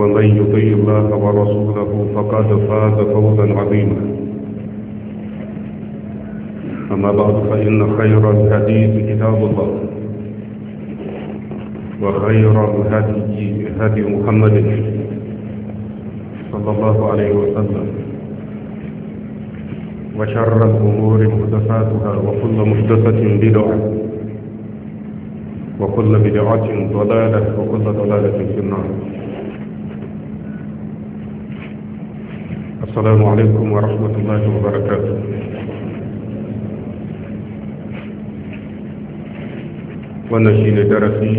ومن يطيع الله ورسوله فقد فاز فوزا عظيما أما بعد فإن خير الحديث كتاب الله وخير الهدي هدي محمد صلى الله عليه وسلم وشر الأمور محدثاتها وكل محدثة بدعة وكل بدعة ضلالة وكل ضلالة في النار السلام عليكم ورحمة الله وبركاته wannan shi ne darasi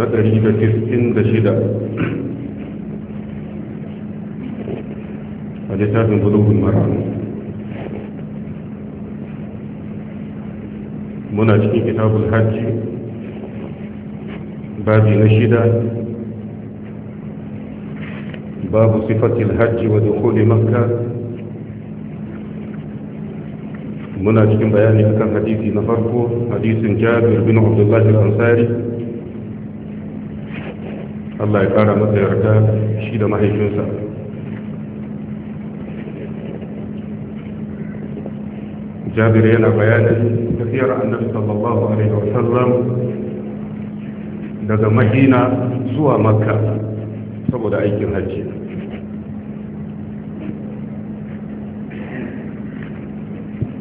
na 196 a littafin bulugun mara muna cikin kitabul hajji babi na shida باب hajji الحج ودخول مكة muna cikin bayani akan hadisi na farko hadisin jabir bin abdullah al-ansari Allah ya kara masa yarda shi da mahaifinsa jabir yana bayanin tafiyar annabi sallallahu alaihi wasallam daga madina zuwa makka saboda aikin hajji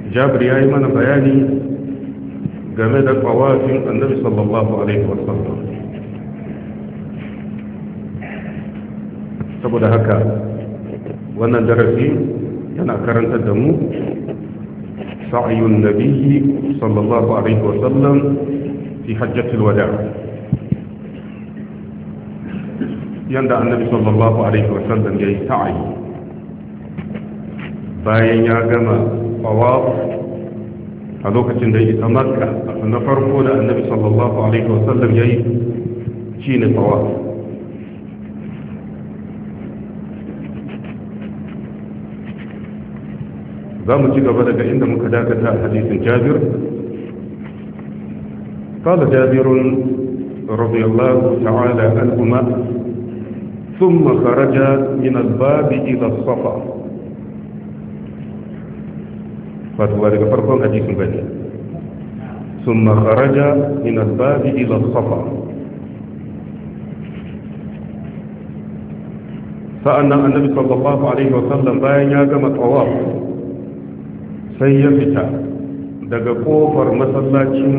jabir ya yi mana bayani game da tsawafin annabi sallallahu alaihi wasallam saboda haka wannan darasi yana karantar da mu sa'ayun nabiyyi sallallahu alaihi wasallam fi hajjatul wada' yanda annabi sallallahu alaihi wasallam ya yi sa'ayi bayan ya gama طواف هذوك تندي مكة النفر قول النبي صلى الله عليه وسلم يأي شين طواف قام جيك عندما كذلك مكداكة حديث جابر قال جابر رضي الله تعالى عنهما ثم خرج من الباب إلى الصفا wato ba daga farkon hadisin ba ne sun makaraja min babi ila safa sa'annan annabi sallallahu alaihi wasallam bayan ya gama tsawaf sai ya fita daga kofar masallacin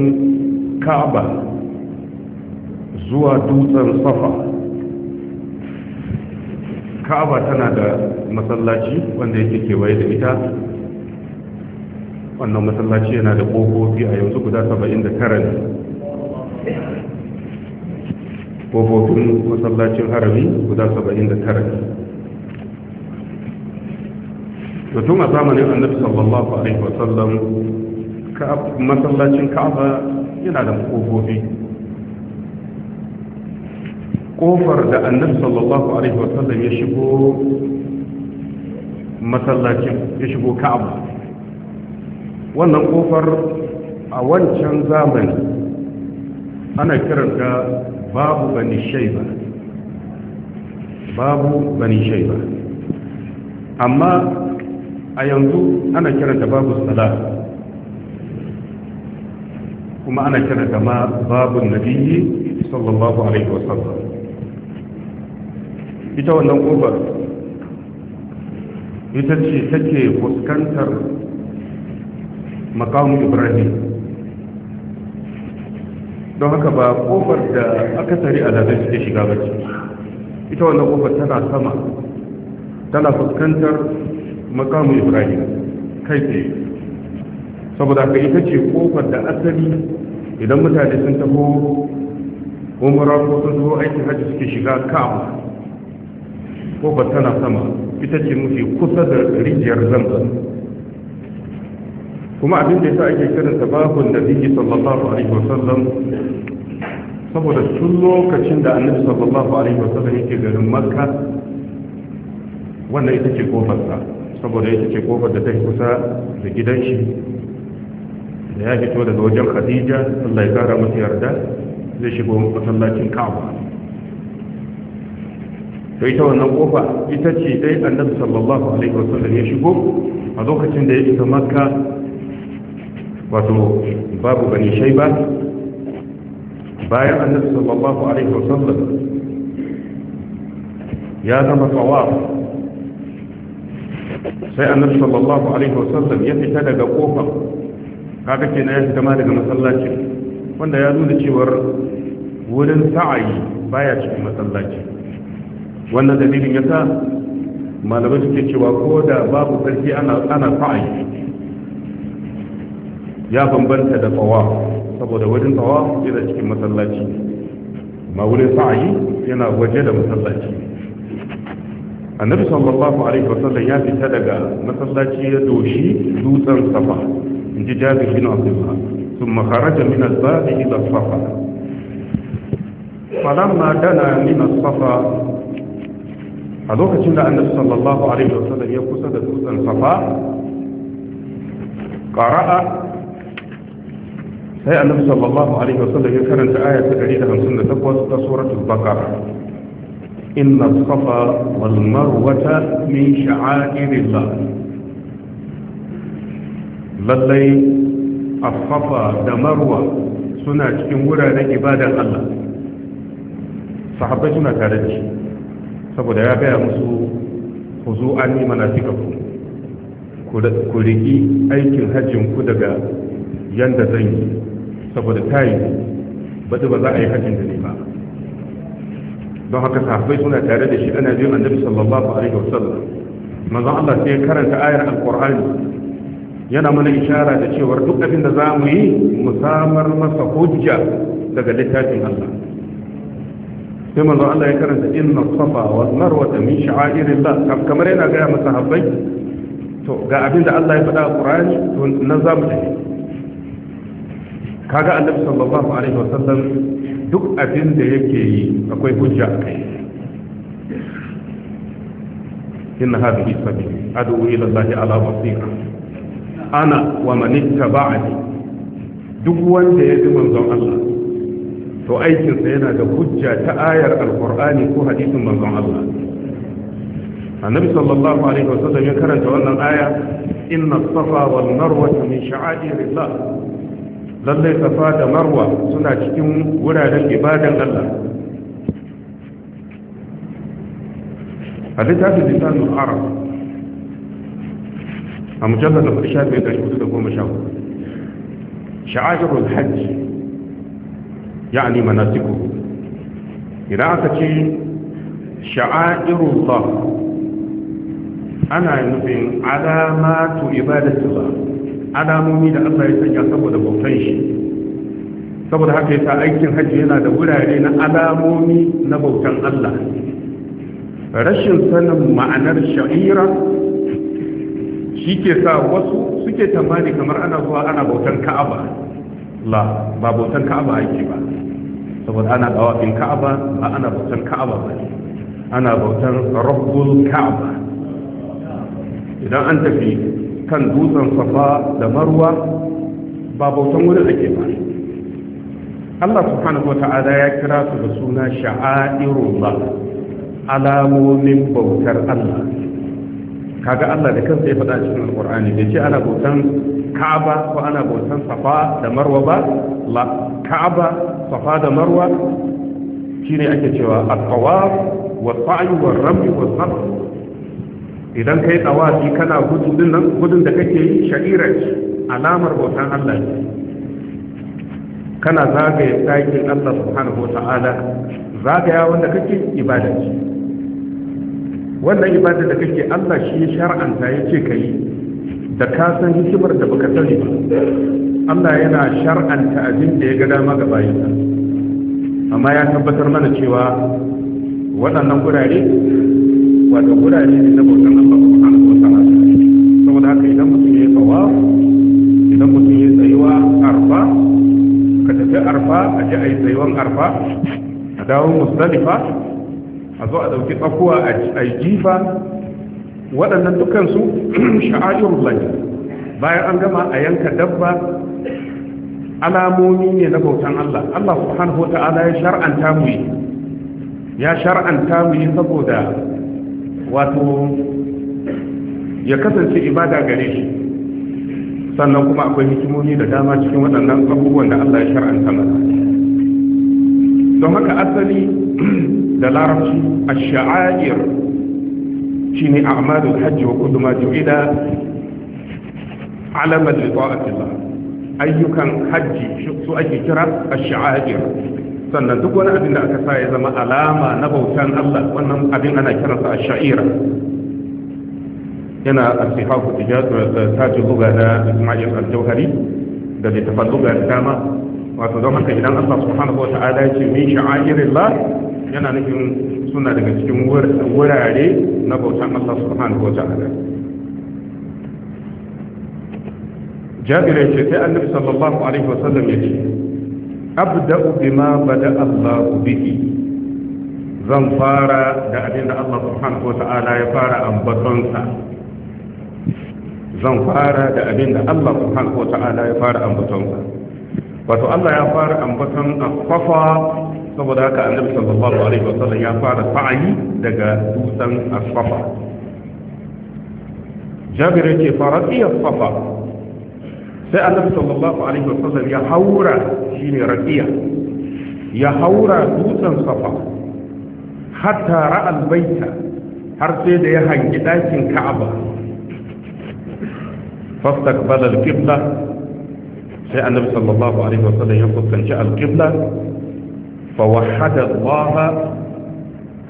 ka'aba zuwa dutsen safa ka'aba tana da masallaci wanda yake kewaye da ita wannan masallaci yana da kofofi a yanzu guda 79 ne kofofin masallacin harami guda 79 ne tun a zamanin annabi sallallahu alaihi wasallam masallacin ka'aba yana da kofofi kofar da annabi sallallahu alaihi wasallam ya shigo masallacin ya shigo ka'aba wannan kofar a wancan zamani ana kiranta babu bani shaiba babu bani shaiba amma a yanzu ana kiranta babu sala kuma ana kiranta ma babu nabiyyi sallallahu alaihi wasallam ita wannan kofar ita ce take fuskantar makamu ibrahim don haka ba kofar da aka akasari alhazai suke shiga ba ce ita wannan kofar tana sama tana fuskantar makamu ibrahim kai tsaye saboda haka ita ce kofar da asali idan mutane sun taho umara ko sun zo aikin hajji suke shiga ka'aba kofar tana sama ita ce mafi kusa da rijiyar zamba. kuma abin da yasa ake kiran sa babun nabiyyi sallallahu alaihi wasallam saboda tun lokacin da annabi sallallahu alaihi wasallam yake garin makka wannan ita ce kofar sa saboda ita ce kofar da ta kusa da gidan shi da ya fito daga wajen khadija Allah ya kara masa yarda zai shigo masallacin ka'aba to ita wannan kofa ita ce dai annabi sallallahu alaihi wasallam ya shigo a lokacin da ya isa makka wato babu shai ba, bayan annabi sallallahu alaihi wasallam ya zama tsawa sai annabi sallallahu alaihi wasallam ya fita daga kofar kaga kenan ya fita ma daga masallaci wanda ya nuna cewar wurin sa'ayi baya cikin masallaci wannan dalilin yasa malamai suke cewa ko da babu sarki ana ana sa'ayi ya bambanta da tsawa saboda wajen tsawa yana cikin masallaci ma wurin sa'ayi yana waje da masallaci annabi sallallahu alaihi wasallam ya fita daga masallaci ya doshi dutsen safa in ji jabir bin abdullah thumma kharaja min al-bab ila safa falamma dana min safa a lokacin da an annabi sallallahu alaihi wasallam ya kusa da dutsen safa qara'a sai annabi sallallahu alaihi wasallam ya karanta aya ta 158 ta suratul baqara inna safa wal marwata min sha'airillah lallai afafa da marwa suna cikin wuraren ibadan Allah sahabbai suna tare da shi saboda ya gaya musu ku zo an yi manasikaku ku riki aikin hajjinku daga yanda zan yi saboda tayi bada ba za a yi hajjin da ne ba don haka sahabbai suna tare da shi ana biyan annabi sallallahu alaihi wasallam manzon Allah sai ya karanta ayar alqur'ani yana mana isharar da cewa duk abin da mu yi mu samar masa hujja daga littafin Allah sai manzon Allah ya karanta inna safa wa marwa min sha'airillah kamar yana ga masahabbai to ga abin da Allah ya faɗa a to nan za mu tafi kaga annabi sallallahu alaihi wasallam duk abin da yake yi akwai hujja a kai inna hadhihi sabili ad'u ila allahi ala basira ana wa man ittaba'ani duk wanda ya bi manzon Allah to aikinsa yana da hujja ta ayar alqur'ani ko hadisin manzon Allah annabi sallallahu alaihi wasallam ya karanta wannan aya inna safa wal marwa min sha'airillah lallai safa da marwa suna cikin wuraren ibadan allah a littafin lisanul arab a mujallar da fashe mai ɗari hudu da goma sha hudu sha'ajirul hajji ya ne manasiku idan aka ce sha'ajirul ba ana nufin alamatu ibadatu ba alamomi da Allah ya sanya saboda bautan shi saboda haka yasa aikin hajji yana da wurare na alamomi na bautan Allah rashin sanin ma'anar sha'ira shi ke sa wasu suke tamani kamar ana zuwa ana bautan ka'aba la ba bautan ka'aba ake ba saboda ana dawafin ka'aba ba ana bautan ka'aba ba ana bautan rabbul ka'aba idan an tafi kan dutsen safa da marwa ba bautan wurin ake ba Allah subhanahu wata'ala ya kira su da suna ba alamomin bautar Allah kaga Allah da kansa ya faɗa cikin alƙur'ani da ce ana bautan ka'aba ko ana bautan safa da marwa ba la ka'aba safa da marwa shine ake cewa at-tawaf wa sa'i wa rami wa sabr idan kai tsawafi kana gudu din nan gudun da kake yi sha'ira ce alamar bautan Allah ne kana zagaye ɗakin Allah subhanahu wata'ala zagaya wanda kake ibada ce wannan ibada da kake Allah shi ya shar'anta ya ce ka yi da ka san hikimar da baka sani ba Allah yana shar'anta abin da ya ga dama ga bayinsa amma ya tabbatar mana cewa waɗannan gurare wato gurare ne na bautan Allah subhanahu wa ta'ala saboda haka idan mutum ya yi tsawa idan mutum ya yi tsayuwa arfa ka tafi arfa a ji a yi tsayuwan arfa a dawo musdalifa a zo a ɗauki tsakuwa a yi jifa waɗannan dukansu sha'ayun lai bayan an gama a yanka dabba alamomi ne na bautan Allah Allah subhanahu wa ta'ala ya shar'anta mu yi ya shar'anta mu yi saboda wato ya kasance ibada gare shi sannan kuma akwai hikimomi da dama cikin waɗannan abubuwan da Allah ya shar'anta mana don haka asali da larabci a shi ne a amadu hajji wa kudu ma ju'ida alamar da ayyukan hajji su ake kira a sha'ayir sannan duk wani abin da aka sa ya zama alama na bautan Allah wannan abin ana kiransa a shaira yana da eh, tajin luga na ismail al-jauhari da littafan luga da dama wato don haka idan allah subhanahu wa ta'ala ce min sha'airillah yana nufin suna daga cikin wurare na bautan allah subhanahu wa ta'ala jabir ya ce sai annabi sallallahu alaihi wasallam ya ce abda'u bima bada Allahu bihi zan fara da abin da Allah subhanahu wa ta'ala ya fara ambatonsa zan fara da abin da Allah subhanahu wa ta'ala ya fara ambatonsa wato Allah ya fara ambaton akwafa saboda haka annabi sallallahu alaihi wa sallam ya fara fa'ali daga dutsen akwafa jabir yake fara iya akwafa sai annabi sallallahu alaihi wasallam ya haura shine raqiya ya haura dutsen safa hatta ra'al baita har sai da ya hangi dakin ka'aba fastaqbala al-qibla sai annabi sallallahu alaihi wasallam ya fuskanci al-qibla fa wahada Allah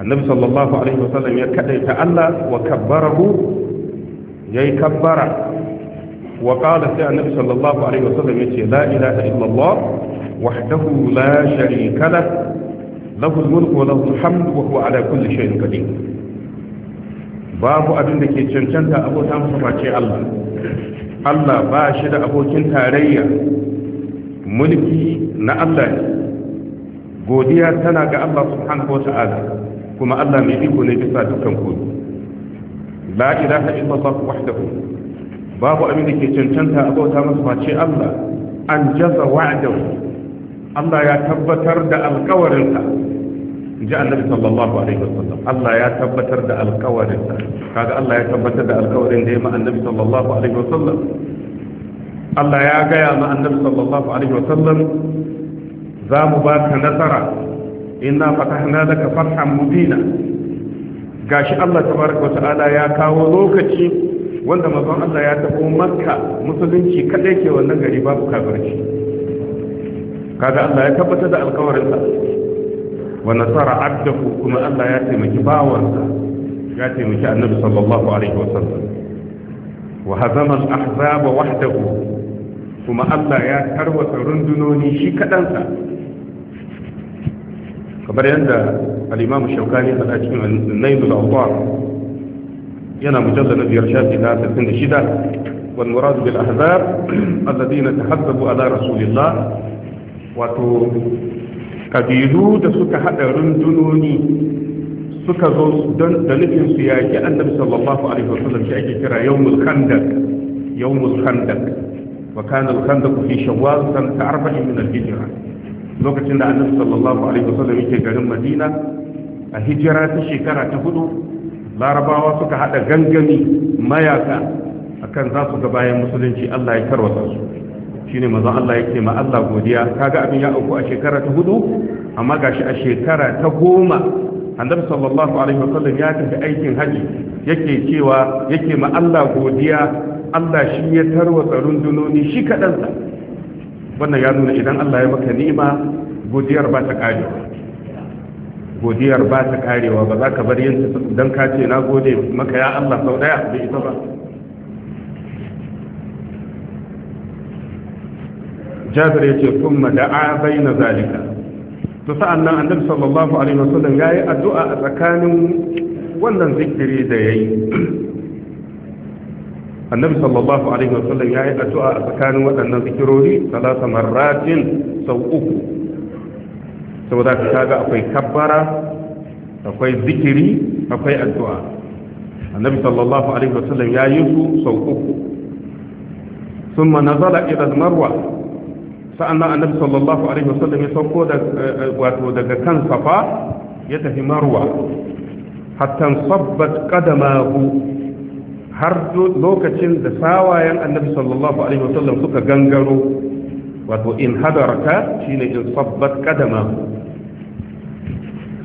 annabi sallallahu alaihi wasallam ya kadaita Allah wa kabbarahu yayi kabbara wa qala sai annabi sallallahu alaihi wasallam yace la ilaha illallah wahdahu la sharika lah lahu al-mulku wa lahu al-hamd wa huwa ala kulli shay'in qadir babu abin da ke cancanta abota masa face Allah Allah ba shi da abokin tarayya mulki na Allah ne godiya tana ga Allah subhanahu wa ta'ala kuma Allah mai iko ne bisa dukkan kodu la ilaha illallah wahdahu babu abin da ke cancanta a bauta masa face Allah an jaza wa'dahu Allah ya tabbatar da alkawarinsa ji annabi sallallahu alaihi wasallam Allah ya tabbatar da alkawarinsa kaga Allah ya tabbatar da alkawarin da ya ma annabi sallallahu alaihi wasallam Allah ya gaya ma annabi sallallahu alaihi wasallam za mu ba ka nasara inna fatahna laka fathan mubina gashi Allah tabaraka wa ta'ala ya kawo lokaci wanda mazan Allah ya tafi makka musulunci kadai ke wannan gari babu kafirci kaga Allah ya tabbatar da alkawarinsa wa nasara abdahu kuma Allah ya taimaki bawansa ya taimaki annabi sallallahu alaihi wasallam wa hazama al-ahzab wahdahu kuma Allah ya tarwata rundunoni shi kadansa kamar yadda al-imam shaukani a cikin nailul awtar ينا مجدد في إلى تكون شدة والمراد بالأحزاب الذين تحذبوا على رسول الله وتو كديدو تسك حتى رندنوني سك زوز دن دنفن سياكي النبي صلى الله عليه وسلم شاكي كرا يوم الخندق يوم الخندق وكان الخندق في شوال سنة أربع من الهجرة لو كتنا النبي صلى الله عليه وسلم يكي قرم مدينة الهجرة تشي كرا تهدو larabawa suka haɗa gangami mayaka akan za su ga bayan musulunci Allah ya tarwasa su shine manzon Allah yake ma Allah godiya kaga abin ya auku a shekara ta hudu amma gashi a shekara ta goma annabi sallallahu alaihi wasallam ya tafi aikin haji yake cewa yake ma Allah godiya Allah shi ya tarwatsa rundunoni shi kadansa wannan ya nuna idan Allah ya maka ni'ima godiyar ba ta kare godiyar ba ta karewa ba za ka bar yin don ka ce na gode maka ya Allah sau daya da ita ba jabir ya ce kun da'a bai na zalika to sa'an nan annabi sallallahu alaihi wasallam ya yi addu'a a tsakanin wannan zikiri da ya yi annabi sallallahu alaihi wasallam ya yi addu'a a tsakanin waɗannan zikirori salasa marratin sau uku saboda ka kaga akwai kabbara akwai zikiri akwai addu'a annabi sallallahu alaihi wasallam ya yi su sau uku summa nazala ila marwa sa'annan annabi sallallahu alaihi wasallam ya sauko da eh, eh, wato daga kan safa ya tafi marwa hatta sabbat qadamahu har lokacin da sawayen annabi sallallahu alaihi wasallam suka gangaro wato in hadaraka shine in sabbat qadamahu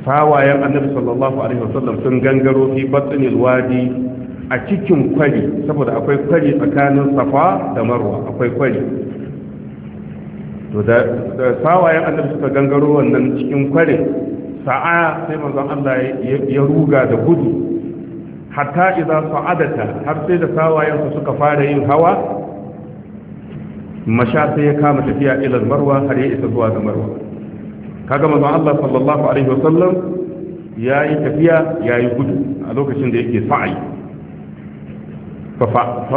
tawayen annabi sallallahu alaihi wasallam sun gangaro fi batsinil wadi a cikin kwari saboda akwai kwari tsakanin safa da marwa akwai kwari to da tawayen annabi suka gangaro wannan cikin kwari sa'a sai manzon Allah ya ruga da gudu hatta idan sa'adata har sai da su suka fara yin hawa masha sai ya kama tafiya ilal marwa har ya isa zuwa da marwa kaga manzon Allah sallallahu alaihi wasallam yayi tafiya yayi gudu a lokacin da yake sa'i fa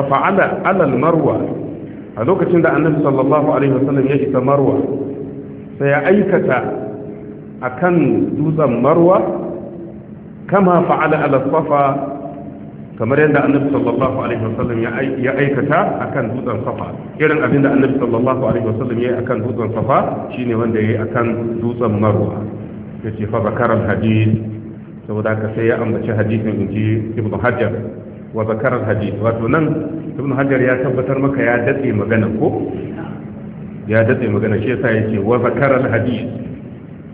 fa'ala ala marwa a lokacin da annabi sallallahu alaihi wasallam ya isa marwa sai ya aikata akan dutsen marwa kama fa'ala ala safa kamar yadda annabi sallallahu alaihi wasallam ya aikata akan dutsen safa irin abin da annabi sallallahu alaihi wasallam ya yi akan dutsen safa shine wanda ya yi akan dutsen marwa ya ce fa zakaran hadith saboda ka sai ya ambaci hadisin inji ibnu hajar wa zakaran hadith wato nan ibnu hajar ya tabbatar maka ya datse magana ko ya datse magana shi yasa yace wa zakaran hadith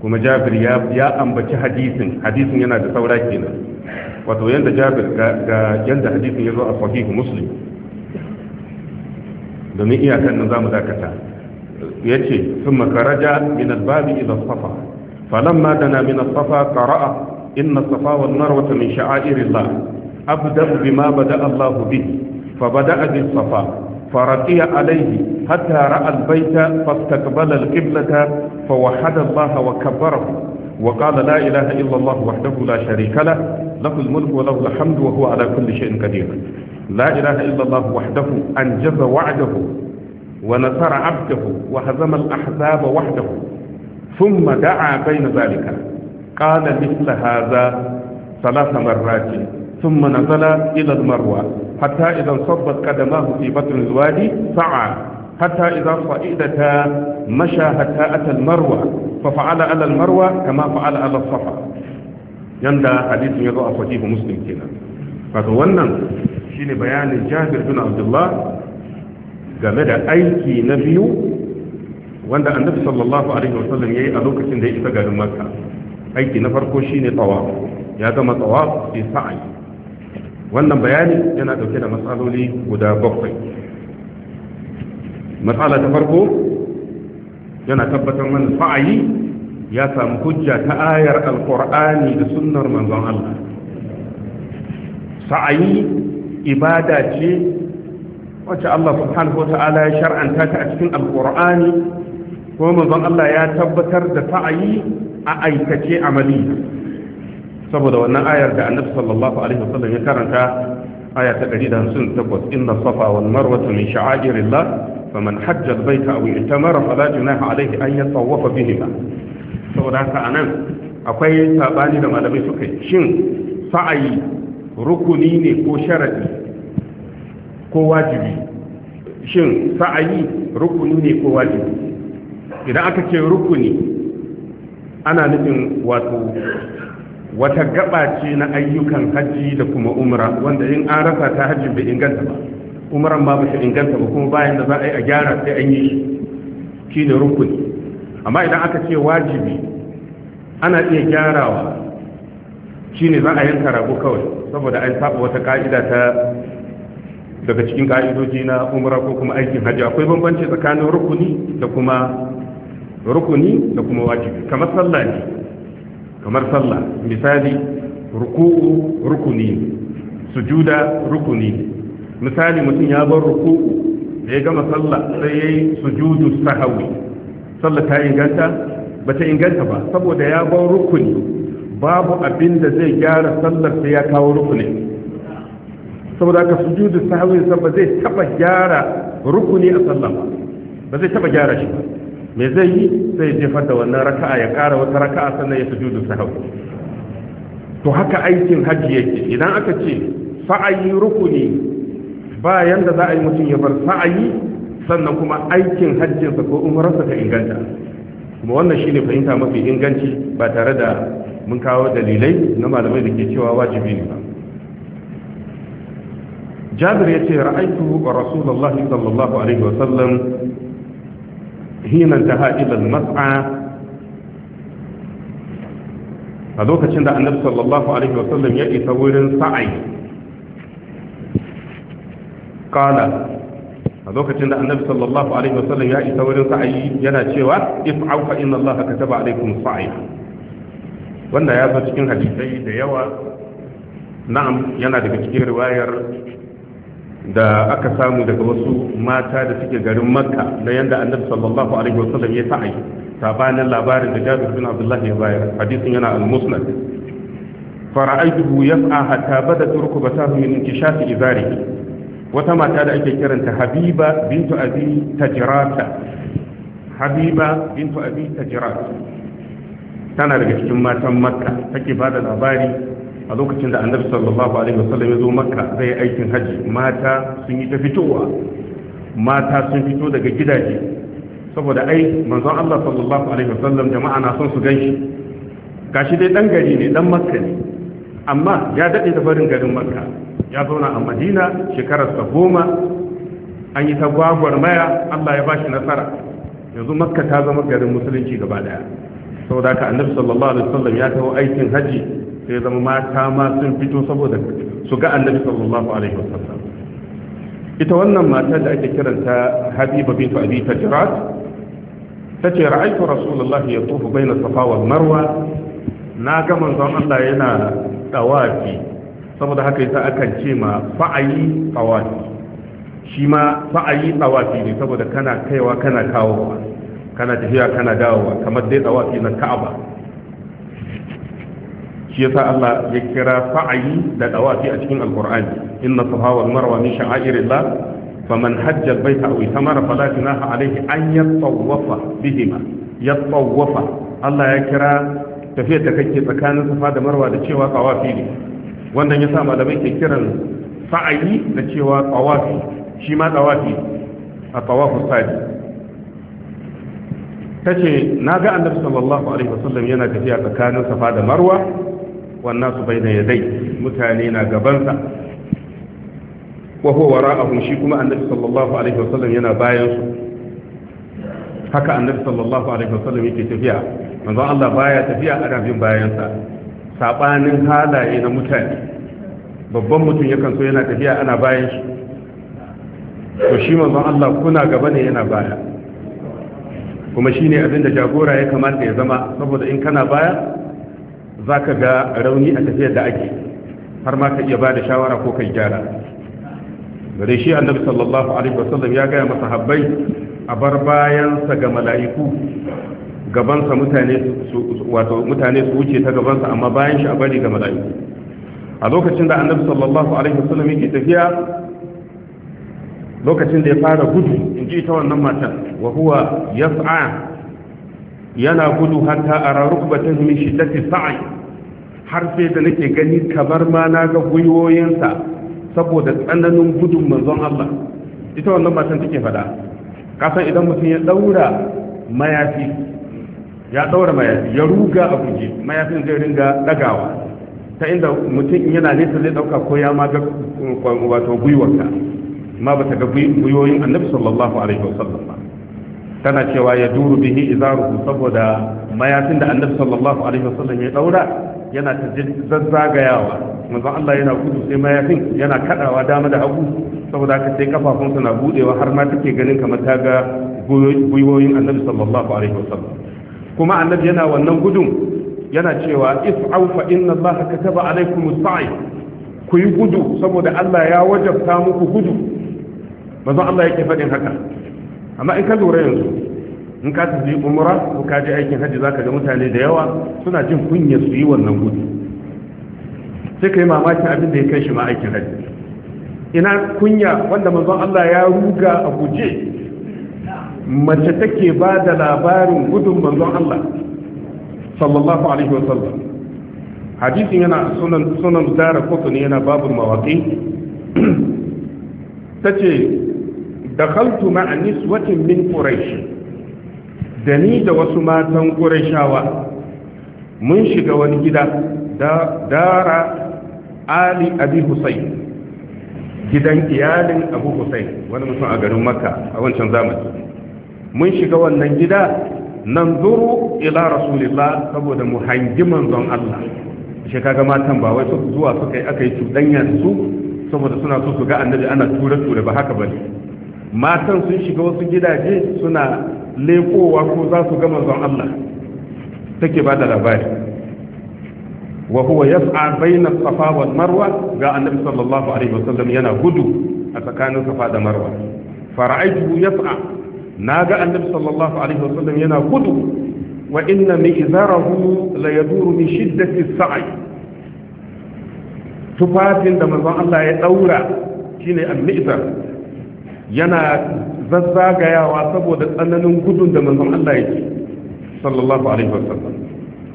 kuma jabir ya ambaci hadisin hadisin yana da saura kenan wato yanda jabir ga yanda hadisin ya zo a sahihu muslim domin iyakan nan zamu dakata ya ce sun makaraja min albabi idan safa falamma dana min safa qara'a inna safa wal marwa min sha'airillah abda bima bada Allahu bi fa bada bis safa فرقي عليه حتى رأى البيت فاستقبل القبلة فوحد الله وكبره وقال لا إله إلا الله وحده لا شريك له له الملك وله الحمد وهو على كل شيء قدير لا إله إلا الله وحده أنجز وعده ونصر عبده وهزم الأحزاب وحده ثم دعا بين ذلك قال مثل هذا ثلاث مرات ثم نزل إلى المروة حتى إذا انصبت قدماه في بطن الوادي سعى حتى إذا صعدتا مشى حتى أتى المروة ففعل على المروة كما فعل على الصفا يندى حديث يضع صحيح مسلم كنا فتولنا شين بيان جابر بن عبد الله game da aiki na biyu wanda annabi sallallahu alaihi wasallam yayi a lokacin da ya isa garin makka aiki na farko shine tawaf ya gama tawaf fi sa'i wannan bayani yana dauke da matsaloli guda bakwai matsala ta farko yana tabbatar mana fa'ayi ya samu hujja ta ayar alkur'ani da sunnar manzon Allah sa'ayi ibada ce wacce Allah subhanahu ya shar'anta ta a cikin alkur'ani kuma manzon Allah ya tabbatar da fa'ayi a aikace amaliya saboda wannan ayar da annabi sallallahu alaihi wasallam ya karanta aya ta 158 inna safa wal marwa min sha'airillah faman hajja al-baita aw i'tamara fala junaha alayhi an yatawwafa bihima saboda haka anan akwai sabani da malamai suka shin sa'ayi rukuni ne ko sharadi ko wajibi shin sa'ayi rukuni ne ko wajibi idan aka ce rukuni ana nufin wato wata gaba ce na ayyukan hajji da kuma umra wanda in an rasa ta hajji bai inganta ba umran ba ba inganta ba kuma bayan da za a yi a gyara sai an yi shi ne rukuni amma idan aka ce wajibi ana iya gyarawa shi ne za a yanka rago kawai saboda an saba wata ka'ida ta daga cikin ka'idoji na umra ko kuma aikin hajji akwai bambanci tsakanin rukuni da kuma rukuni da kuma wajibi kamar sallah ne kamar sallah misali ruku'u rukuni sujuda rukuni misali mutum ya bar ruku'u da ya gama sallah sai ya yi sujudu sahawi sallah ta inganta ba ta inganta ba saboda ya bar rukuni babu abin da zai gyara sallar sai ya kawo rukuni saboda ka sujudu sahawi ba zai taba gyara rukuni a sallah ba ba zai taba gyara shi ba me zai yi sai jefar da wannan raka'a ya kara wata raka'a sannan ya sujudu sahau to haka aikin hajji yake idan aka ce sa'ayi rukuni ba yanda za a yi mutum ya bar sa'ayi sannan kuma aikin hajjinsa ko umararsa ta inganta kuma wannan shine fahimta mafi inganci ba tare da mun kawo dalilai na malamai da ke cewa wajibi ne ba jabir ya ce ra'aitu rasulullahi sallallahu alaihi wa sallam hina taha ila mas'a a lokacin da annabi sallallahu alaihi wurin sa'ai a lokacin da annabi sallallahu alaihi wasallam ya isa wurin sa'ayi yana cewa if'au fa inna allaha kataba alaikum sa'i wanda ya zo cikin hadisai da yawa na'am yana daga cikin riwayar da aka samu daga wasu mata da suke garin makka na yadda annabi sallallahu alaihi wasallam ya sa'ai sabanin labarin da jabir bin abdullah ya bayar hadisin yana al-musnad fara'aituhu yas'a hatta bada turkubatahu min inkishafi izarihi wata mata da ake kiranta habiba bintu abi tajrata habiba bintu abi tajrata tana daga cikin matan makka take bada labari a lokacin da annabi sallallahu alaihi wasallam ya zo makka zai aikin hajji mata sun yi ta fitowa mata sun fito daga gidaje saboda ai manzon Allah sallallahu alaihi wasallam jama'a na son su ganshi gashi dai dan gari ne dan makka ne amma ya dade da barin garin makka ya zauna a madina shekarar sa goma an yi ta gwagwar maya Allah ya bashi nasara yanzu makka ta zama garin musulunci gaba daya saboda haka annabi sallallahu alaihi wasallam ya taho aikin hajji. sai zama mata ma sun fito saboda su ga annabi sallallahu alaihi wasallam ita wannan mata da ake kiranta habiba bintu abi tajrat tace ra'aytu rasulullahi yatufu baina safa wal marwa na ga manzon Allah yana tawafi saboda haka yasa akan ce ma fa'ayi tawafi shi ma fa'ayi tawafi ne saboda kana kaiwa kana kawowa kana tafiya kana dawowa kamar dai tawafi na Ka'aba shi yasa Allah ya kira sa'ayi da dawafi a cikin alqur'ani inna safa wal marwa min sha'airillah faman hajja al-bayta aw itamara fala junaha alayhi an yatawwafa bihima yatawwafa Allah ya kira tafiyar da kake tsakanin safa da marwa da cewa tawafi ne wannan yasa malamai ke kiran sa'ayi da cewa tawafi shi ma tawafi a tawafu sadi ta ce na ga annabi sallallahu alaihi wasallam yana tafiya tsakanin safa da marwa wannan su bai da ya dai mutane na gabansa wahu wara ahun shi kuma annabi sallallahu alaihi wasallam yana bayan su haka annabi sallallahu alaihi wasallam yake tafiya manzo Allah baya tafiya ana bin bayansa sabanin halaye na mutane babban mutum yakan so yana tafiya ana bayan shi to shi manzo Allah kuna gaba ne yana baya kuma shine abinda jagora ya kamata ya zama saboda in kana baya za ka ga rauni a tafiyar da ake har ma ka iya ba da shawara ko kai gyara gare shi annabi sallallahu alaihi wasallam ya gaya masa habbai a bar bayansa ga mala'iku gabansa mutane su wato mutane su wuce ta gabansa amma bayan shi a bari ga mala'iku a lokacin da annabi sallallahu alaihi wasallam yake tafiya lokacin da ya fara gudu in ji ta wannan matan wa huwa yas'a yana gudu hatta ta rukbatan min shiddati sa'i har sai da nake gani kamar ma na ga gwiwoyinsa saboda tsananin gudun manzon Allah ita wannan matan take fada kasan idan mutum ya daura mayafi ya daura mayafi ya ruga a guje mayafin zai ringa dagawa ta inda mutum yana nesa zai dauka ko ya ma ga wato gwiwarka ma ba ta ga gwiwoyin annabi sallallahu alaihi wasallam ba tana cewa ya duru bihi izaruhu saboda mayafin da annabi sallallahu alaihi wasallam ya daura yana ta zazzagayawa manzon Allah yana gudu sai mayafin yana kadawa dama da hagu saboda haka sai kafafunsa na budewa har ma take ganin kamar ta ga gwiwoyin annabi sallallahu alaihi wasallam kuma annabi yana wannan gudun yana cewa if'au fa inna Allah kataba alaikum sa'i ku yi gudu saboda Allah ya wajabta muku gudu manzon Allah yake faɗin haka amma in ka lura yanzu in ka tafi umra ko ka je aikin hajji zaka ga mutane da yawa suna jin kunya su yi wannan gudu sai kai mamakin abin da ya kai shi ma aikin hajji ina kunya wanda manzo Allah ya ruga a guje mace take ba da labarin gudun manzon Allah sallallahu alaihi wa sallam hadisin yana sunan sunan dara ne yana babul mawaqi tace Dakaltu ma'a niswatin min quraish da ni da wasu matan qurayshawa mun shiga wani gida da dara ali abi husayn gidan iyalin abu husayn wani mutum a garin makka a wancan zamani mun shiga wannan gida nan zuru ila rasulillah saboda mu hangi manzon Allah shi kaga matan ba wai zuwa suka yi aka yi cuɗanya da su saboda suna so su ga annabi ana tura tura ba haka bane matan sun shiga wasu gidaje suna lekowa ko za su ga manzon Allah take ba da labari wa huwa yas'a bayna safa wal marwa ga annabi sallallahu alaihi wasallam yana gudu a tsakanin safa da marwa fara'aytu yas'a ga annabi sallallahu alaihi wasallam yana gudu wa inna mi'zarahu la yaduru min shiddati as-sa'i tufafin da manzon Allah ya daura shine al-mi'zar yana zazzagayawa saboda tsananin gudun da manzon Allah yake sallallahu alaihi wasallam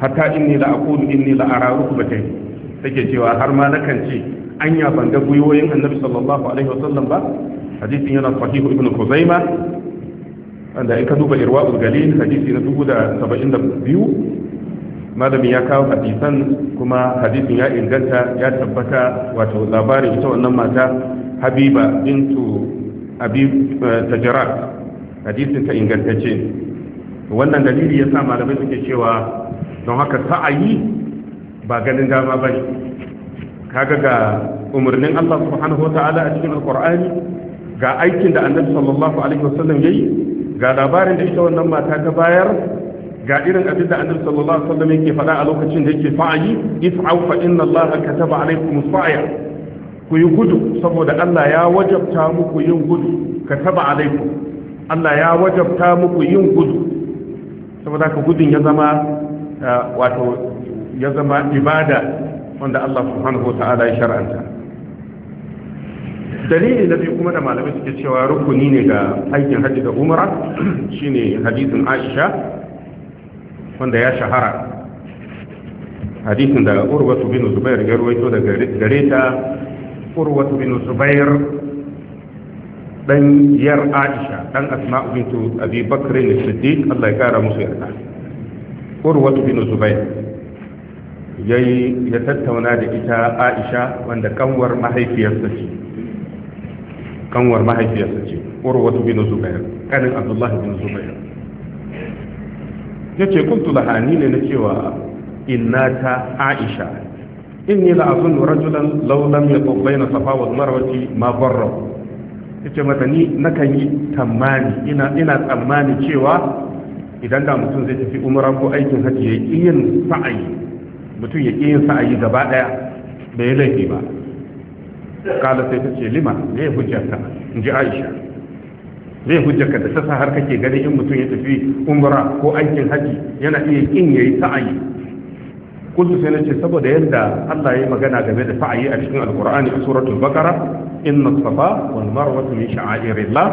hatta inni la aqulu inni la ara rukbatay take cewa har ma nakan ce anya ban ga guyoyin annabi sallallahu alaihi wasallam ba hadisin yana sahihu ibn khuzaima da in ka duba irwaul galil hadisi na 1072 malami ya kawo hadisan kuma hadisin ya inganta ya tabbata wato labarin ita wannan mata habiba bintu abi eh, tajarat hadisin ta ingantacce wannan dalili sa malamai suke cewa don haka sa'ayi ba ganin dama ba ne. kaga ga umarnin Allah subhanahu wata'ala a cikin alqur'ani ga aikin da annabi sallallahu alaihi wasallam yayi ga labarin da ita wannan mata ta bayar ga irin abin da annabi sallallahu alaihi wasallam yake faɗa a lokacin da yake fa'ayi if'au fa inna Allah kataba alaikum sa'ya ku yi gudu saboda Allah ya wajabta muku yin gudu ka taba alaikum Allah ya wajabta muku yin gudu saboda ka gudun ya zama eh, wato ya zama ibada wanda Allah subhanahu wa ta'ala ya shar'anta dalili na biyu kuma da malamai suke cewa rukuni ne ga aikin hajji da umara shine hadisin Aisha wanda ya shahara hadisin da Urwatu bin Zubair ya ruwaito daga gare ta urwatu bin zubair dan yar aisha dan asma'u bintu abi bakr as-siddiq Allah ya kara musu yarda urwatu bin zubair yayi ya tattauna da ita aisha wanda kanwar mahaifiyarsa ce kanwar mahaifiyarsa ce urwatu bin zubair kanin abdullahi bin zubair yace kuntu lahani ne na cewa inna ta aisha inni la azun rajulan law lam yaqub bayna safa wal marwa ma barra yace mata ni nakan yi tamani ina ina tsammani cewa idan da mutum zai tafi umra ko aikin haji ya yi yin sa'ayi mutum ya yi yin sa'ayi gaba daya bai laifi ba kala sai ta ce lima me ya hujja in ji aisha me ya ka da ta sa har kake ganin in mutum ya tafi umra ko aikin haji yana iya yin yayi sa'ayi kuntu sai nace saboda yadda Allah ya yi magana game da sa'ayi a cikin alqur'ani a suratul baqara inna safa wal marwa min sha'airillah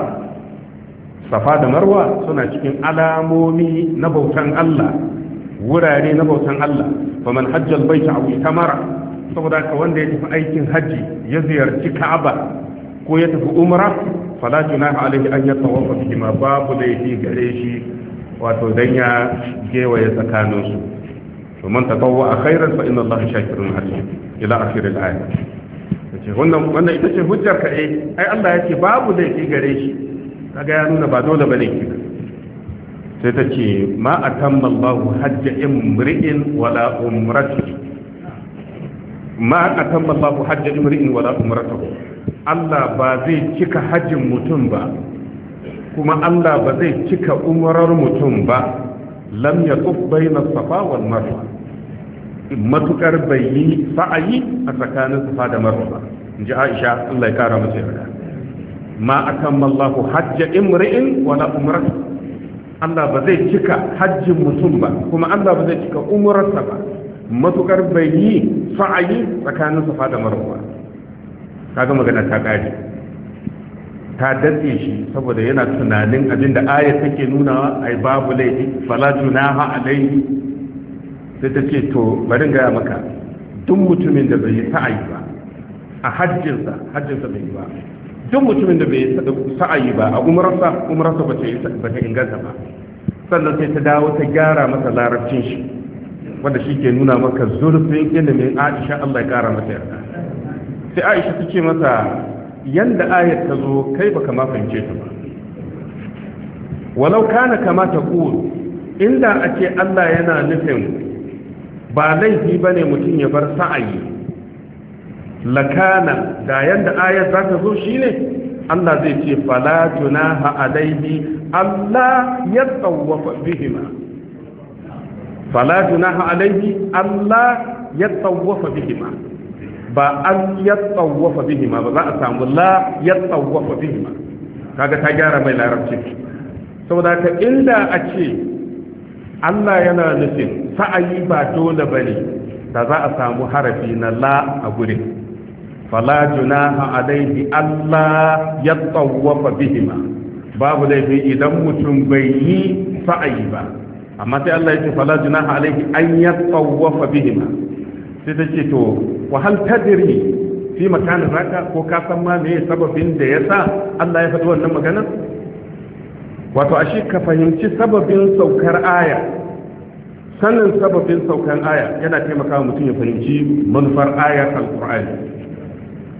safa da marwa suna cikin alamomi na bautan Allah wurare na bautan Allah faman hajjal baita aw itamara saboda ka wanda ya tafi aikin haji ya ziyarci Ka'aba ko ya tafi umra fala junaha alaihi an yatawaffa bihima babu laifi gare shi wato dan ya gewaye tsakaninsu to man tatawwa khairan fa inna allaha shakirun alim ila akhir al wannan wannan ita ce hujjar ka eh ai Allah yake babu laifi gare shi kaga ya nuna ba dole bane ki sai ta ce ma atamma Allahu hajja imri'in wala umrati ma atamma Allahu hajja imri'in wala umratahu Allah ba zai cika hajjin mutum ba kuma Allah ba zai cika umrar mutum ba lam yatuf bayna safa wal marwa matukar bai yi fa’ayi a tsakanin su fada marwa ba in ji aisha Allah ya kara mace yada ma a kan mallahu hajja imri'in wala umrata Allah ba zai cika hajjin mutum ba kuma Allah ba zai cika umrarsa ba matukar bai yi sa'ayi tsakanin safa da marwa gama magana ta ƙari ta datse shi saboda yana tunanin abinda aya take nunawa ai babu laifi fala junaha alaihi sai ta ce to bari gaya maka duk mutumin da bai yi sa'ayi ba a hajjinsa hajjinsa bai yi ba duk mutumin da bai yi sa'ayi ba a umarsa umarsa ba ta inganta ba sannan sai ta dawo ta gyara masa larabcin shi wanda shi ke nuna maka zurfin ilimin aisha allah ya kara masa yarda sai aisha ta ce masa yanda ayar ta zo kai baka ma fahimce ta ba walau kana kama ta inda a ce allah yana nufin ba laifi ba ne mutum ya bar sa'ayi lakana da yadda ayar za ta zo shi ne allah zai ce fala junaha alaihi allah ya tsawafa bihima fala junaha alaihi allah ya tsawafa bihima ba an ya tsawafa bihima ba za a samu la ya tsawafa bihima kaga ta gyara mai larabci saboda ka inda a ce Allah yana nufin sa'ayi ba dole ba ne da za a samu harafi na la a gurin fala junaha alaihi Allah ya tawwafa bihima babu laifi idan mutum bai yi sa'ayi ba amma sai Allah ya ce fala junaha alaihi an ya tawwafa bihima sai ta ce to wahal tadri fi makanin raka ko ka san ma me sababin da yasa Allah ya faɗi wannan maganar wato shi ka fahimci sababin saukar aya sannan sababin saukar aya yana taimakawa mutum ya fahimci manufar ayar alkur'ani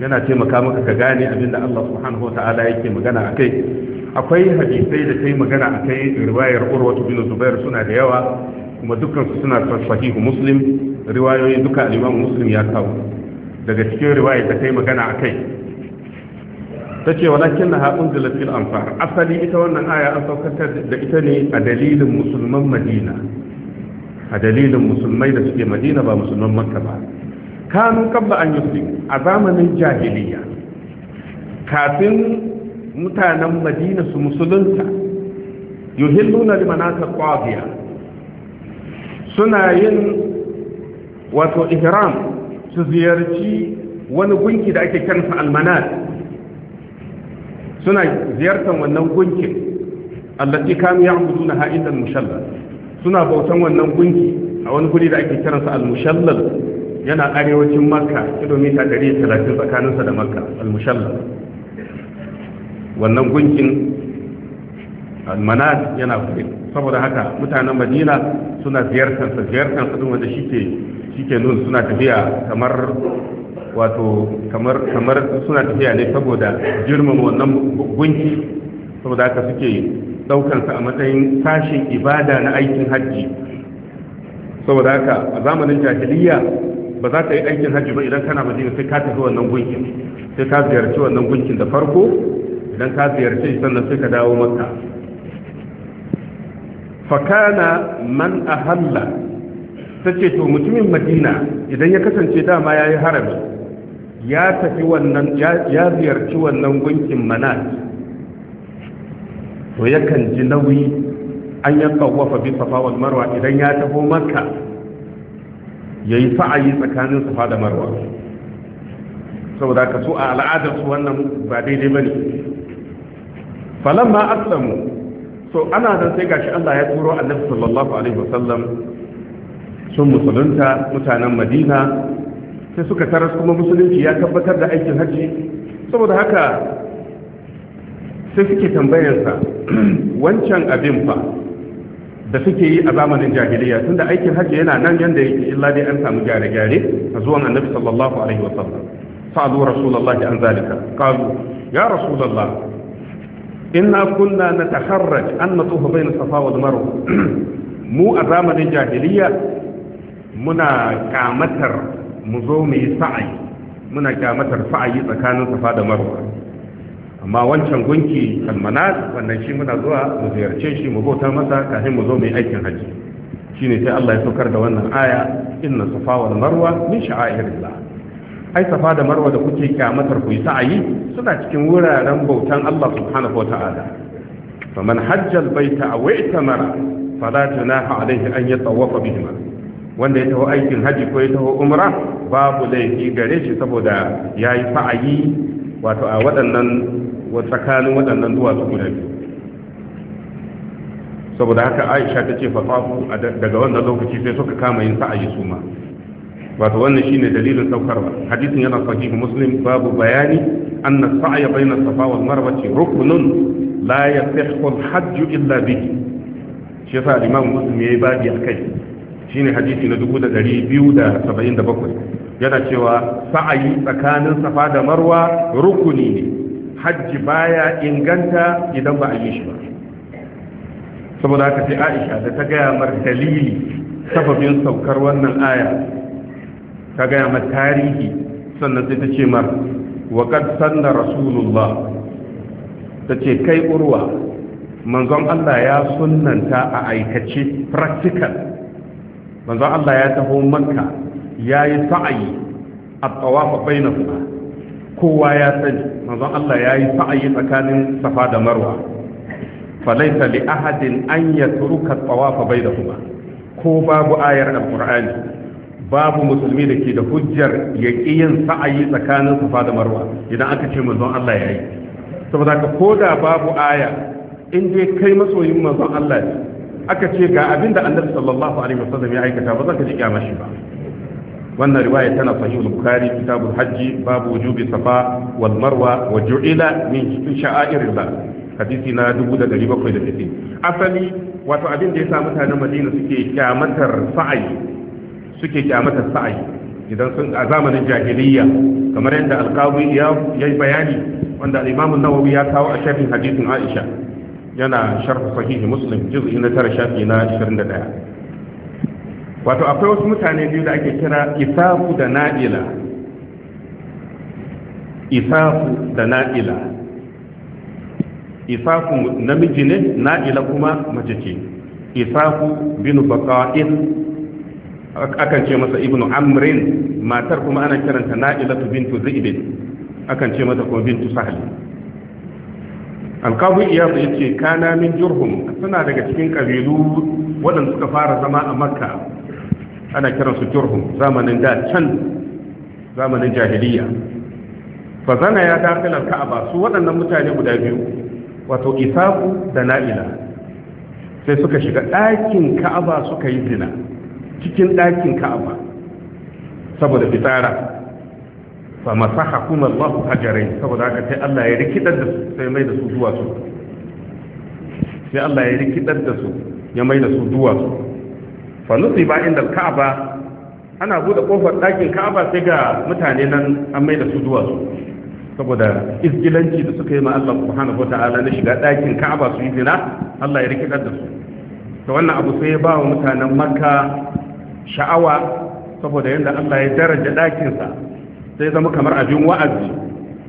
yana taimaka maka ka gane abin da Allah subhanahu wa ta'ala yake magana a kai akwai hadisai da ta yi magana a kai riwayar urwatu bin zubair suna da yawa kuma su suna sahihu muslim riwayoyi duka al-imam muslim ya kawo daga cikin riwaya da ta yi magana a kai ta ce walakin na haɗin zilafin amfar asali ita wannan aya an saukantar da ita ne a dalilin musulman madina a dalilin musulmai da suke madina ba musulman makka ba Kanun kabba an yi a zamanin jahiliya kafin mutanen madina su musulunta yuhilluna limanata qadiya suna yin wato ihram su ziyarci wani gunki da ake kansa almanat suna ziyartar wannan gunkin allati kanu ya'buduna ha'idan mushallal suna bautan wannan gunki a wani guri da ake kiransa al-mushallal yana arewacin makka kilomita 130 tsakaninsa da makka al-mushallal wannan gunkin almanat yana kuɗi saboda haka mutanen madina suna ziyartarsa ziyartarsa din wanda shike ke nun suna tafiya kamar wato kamar kamar suna tafiya ne saboda girman wannan gunki saboda haka suke daukansa a matsayin sashin ibada na aikin hajji saboda haka a zamanin jahiliya ba za ka yi aikin hajji ba idan kana madina sai ka tafi wannan gunkin sai ka ziyarci wannan gunkin da farko idan ka ziyarci sannan sai ka dawo makka fakana man ahalla ta ce to mutumin madina idan ya kasance dama ya yi harami ya tafi wannan ya ziyarci wannan gunkin manat to yakan ji nauyi an yanka wafa bi safa wal marwa idan ya taho makka yayi fa’ayi tsakanin safa da marwa saboda ka so a al'adar su wannan ba daidai bane falamma aslamu so ana dan sai gashi Allah ya turo annabi sallallahu alaihi wasallam sun musulunta mutanen Madina sai suka taras kuma musulunci ya tabbatar da aikin hajji saboda haka sai suke tambayarsa wancan abin fa da suke yi a zamanin jahiliya tunda aikin hajji yana nan yanda yake illa dai an samu gyare-gyare a zuwan annabi sallallahu alaihi wa wasallam sa'alu rasulullahi an zalika qalu ya rasulullah inna kunna natakharraj an natuhu bayna safa wal marwa mu a zamanin jahiliya muna kamatar mu zo mu yi sa'ayi muna kyamatar sa'ayi tsakanin safa da marwa amma wancan gunki kalmanat wannan shi muna zuwa mu ziyarce shi mu bauta masa kafin mu zo mu yi aikin hajji shine sai Allah ya saukar da wannan aya inna safa wal marwa min sha'airillah ai safa da marwa da kuke kyamatar ku yi sa'ayi suna cikin wuraren bautan Allah subhanahu wata'ala faman hajjal baita aw i'tamara fala junaha alayhi an yatawafa bihima wanda ya taho aikin haji ko ya taho umra babu laifi gare shi saboda ya yi fa'ayi wato a waɗannan tsakanin waɗannan duwatsu guda biyu saboda haka aisha ta ce fasafu daga wannan lokaci sai suka kama yin sa'ayi su ma wato wannan shi ne dalilin saukarwa hadisin yana sahih muslim babu bayani an anna sa'ya bayna safa wal marwa ruknun la yasihu al hajju illa bihi shi yasa imam muslim yayi babi kai. shine hadisi na 2277 yana cewa sa'ayi tsakanin safa da marwa rukuni ne hajji baya inganta idan ba a yi shi ba saboda aka sai Aisha da ta gaya mar dalili sababin saukar wannan aya ta gaya mar tarihi sannan sai ta ce mar wa qad sanna rasulullah tace kai urwa manzon Allah ya sunanta a aikace practical manzon Allah ya taho Manka ya yi sa'ayi a tsawafa tawaf bainahuma kowa ya sani manzon Allah ya yi sa'ayi tsakanin Safa da Marwa falaita li ahadin an ya bai da kuma. ko babu ayar alqur'ani babu musulmi da ke da hujjar ya yin sa'ayi tsakanin Safa da Marwa idan aka ce manzon Allah ya yi. saboda ka da babu aya in dai kai masoyin manzon Allah ne aka ce ga abinda annabi sallallahu alaihi wasallam ya aikata ba zan ka ji kyamashi ba wannan riwaya tana sahih al-bukhari kitabul hajji babu wujubi safa wal marwa wa ju'ila min sha'airillah hadisi na 1750 asali wato abin da yasa mutanen Madina suke kyamatar sa'ayi suke kyamatar sa'ayi idan sun a zamanin jahiliyya kamar yadda alqawi ya yi bayani wanda al-imam an-nawawi ya kawo a shafin hadisin Aisha yana sharh sahih muslim juz'i na tara shafi na 21 wato akwai wasu mutane biyu da ake kira isafu da na'ila isafu da na'ila isafu namiji ne na'ila kuma mace ce isafu bin baqa'il akan ce masa ibnu amrin matar kuma ana kiranta Na'ila na'ilatu bintu zaid akan ce mata kuma bintu sahli alƙabu Iyabu ya ce kana min jurhum suna daga cikin ƙabilu waɗanda suka fara zama a makka ana kiransu jurhum zamanin da can zamanin jahiliya fa zana ya dakilar ka'aba su waɗannan mutane guda biyu wato isaku da na'ila sai suka shiga ɗakin ka'aba suka yi zina cikin ɗakin ka'aba saboda fitara fa masaha kuma Allah hajarai saboda haka sai Allah ya rikidar da su sai mai da su su sai Allah ya rikidar da su ya mai da su su fa nusiba inda Ka'aba ana bude kofar ɗakin Ka'aba sai ga mutane nan an mai da su su saboda izgilanci da suka yi ma Allah subhanahu wataala na shiga ɗakin Ka'aba su yi zina Allah ya rikidar da su da wannan abu sai ya ba wa mutanen makka sha'awa saboda yadda allah ya daraja ɗakinsa sai zama kamar abin wa'azi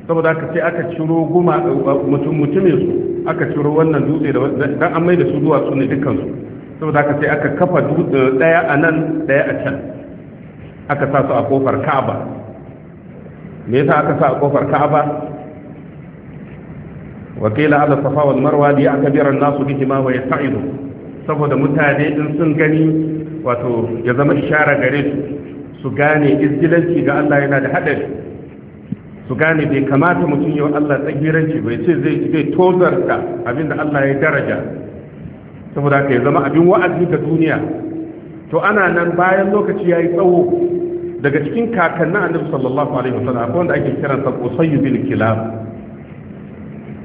saboda aka sai aka ciro goma mutum mutumin su aka ciro wannan dutse dan an mai da su su ne dukkan su saboda aka sai aka kafa dutse daya a nan daya a can aka sa su a kofar Ka'aba me yasa aka sa a kofar Ka'aba wakila ala safa wal marwa li akbira an-nasu bihima wa yasta'idu saboda mutane in sun gani wato ya zama ishara gare su su gane izgilanci ga Allah yana da haɗari su gane bai kamata mutum yau Allah tsagiranci bai ce zai zai tozarta abinda Allah ya daraja saboda ka ya zama abin wa'azi ga duniya to ana nan bayan lokaci yayi tsawo daga cikin kakannin Annabi sallallahu alaihi wasallam akwai wanda ake kiransa Qusayy bin Kilab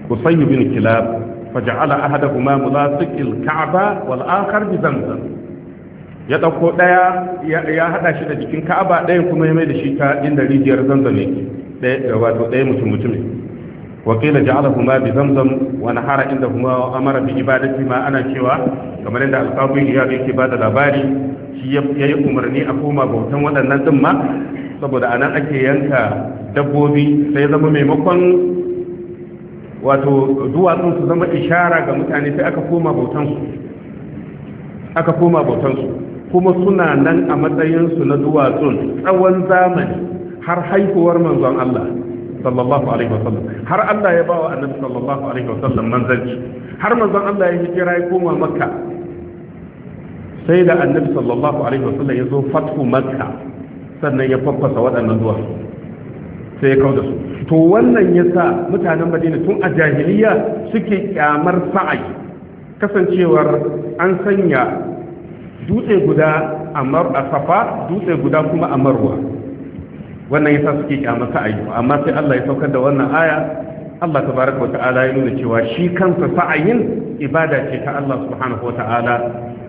Qusayy bin Kilab فجعل أحدهما wal الكعبة والآخر بزمزم ya ɗauko ɗaya ya haɗa shi da jikin ka'aba ɗaya kuma ya mai da shi ta inda rijiyar zamzam yake wato ɗaya mutum mutumin wakila ja'alahuma bi zamzam wa nahara inda huma amara bi ibadati ma ana cewa kamar yadda alqabi ya yake ba da labari shi ya yi umarni a koma bautan waɗannan din ma saboda anan ake yanka dabbobi sai zama maimakon wato duwatsun su zama ishara ga mutane sai aka koma aka koma bautan su kuma suna nan a matsayinsu na duwatsun tsawon zamani har haihuwar manzon Allah sallallahu alaihi wasallam har Allah ya bawa annabi sallallahu alaihi wasallam manzanci har manzon Allah ya hijira ya koma makka sai da annabi sallallahu alaihi wasallam ya zo fatu makka sannan ya fafasa waɗannan zuwa sai ya kauda su to wannan ya sa mutanen madina tun a jahiliya suke kyamar sa'ai kasancewar an sanya dutse guda a safa dutse guda kuma a marwa wannan yasa suke kyamata ayyuka amma sai Allah ya saukar da wannan aya Allah tabaraka wa ta'ala ya nuna cewa shi kansa sa'ayin ibada ce ta Allah subhanahu wa ta'ala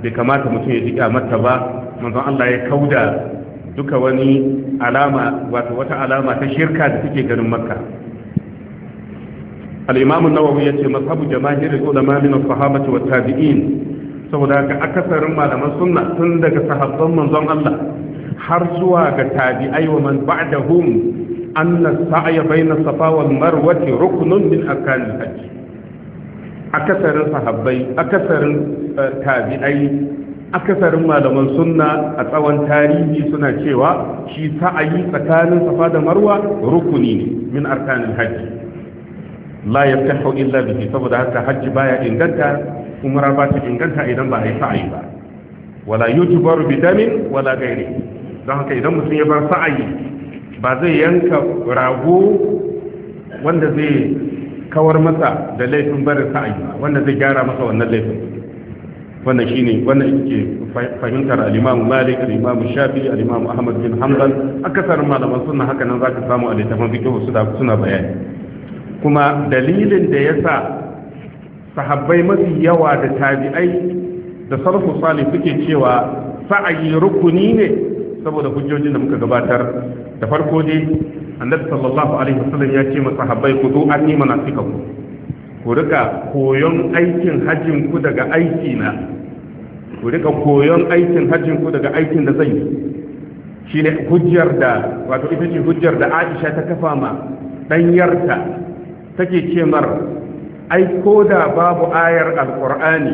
bai kamata mutum ya ji kyamata ba manzon Allah ya kauda duka wani alama wato wata alama ta shirka da take ganin makka al-imam an-nawawi yace mazhabu jama'ir ulama min as-sahabati wat-tabi'in saboda haka akasarin malaman sunna tun daga sahabban manzon Allah har zuwa ga tabi'ai wa man ba'dahum anna sa'ya baina safa wal marwa ruknun min arkanil hajj akasarin sahabbai akasarin eh, tabi'ai akasarin malaman sunna a tsawon tarihi suna cewa shi sa'ayi tsakanin safa da marwa rukuni ne min arkanil hajj la yaftahu illa bihi saboda haka hajji baya inganta umara ba ta inganta idan ba a yi sa'ayi ba wala yutubaru bitamin wala gairi don haka idan mutum ya bar sa'ayi ba zai yanka rago wanda zai kawar masa da laifin barin sa'ayi ba wanda zai gyara masa wannan laifin wannan shine wannan ke fahimtar al-Imam Malik alimamu imam Shafi alimamu imam Ahmad bin Hanbal akasar malaman sunna haka nan zaka samu a littafin fiqh su da suna bayani kuma dalilin da yasa sahabbai mafi yawa da tabi'ai da sarfu salih suke cewa sa'ayi rukuni ne saboda hujjojin da muka gabatar da farko dai annabi sallallahu alaihi wasallam ya ce masa sahabbai ku zo an nima na suka ku ku rika koyon aikin hajjin ku daga aiki na ku rika koyon aikin hajjin ku daga aikin da zan yi shine hujjar da wato ita ce hujjar da Aisha ta kafa ma danyarta take ce mar ai ko da babu ayar alkur'ani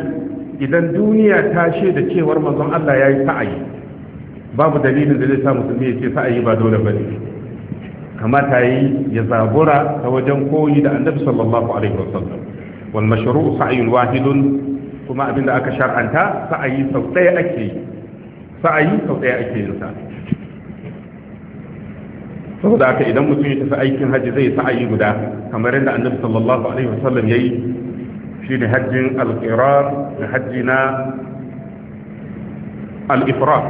idan duniya ta da cewar manzon Allah ya yi sa'ayi babu dalilin da zai sa musulmi ya ce sa'ayi ba dole ba ne kamata yi ya zabura ta wajen koyi da annabi sallallahu alaihi wasallam wal mashru' sa'yun wahidun kuma abinda aka shar'anta sa'ayi sau ɗaya ake yi sa'ayi sau ɗaya ake yin sa saboda haka idan mutum ya tafi aikin hajji zai sa'ayi guda kamar yadda annabi sallallahu alaihi wasallam yayi shine hajjin al-qirar da hajji na al-ifrat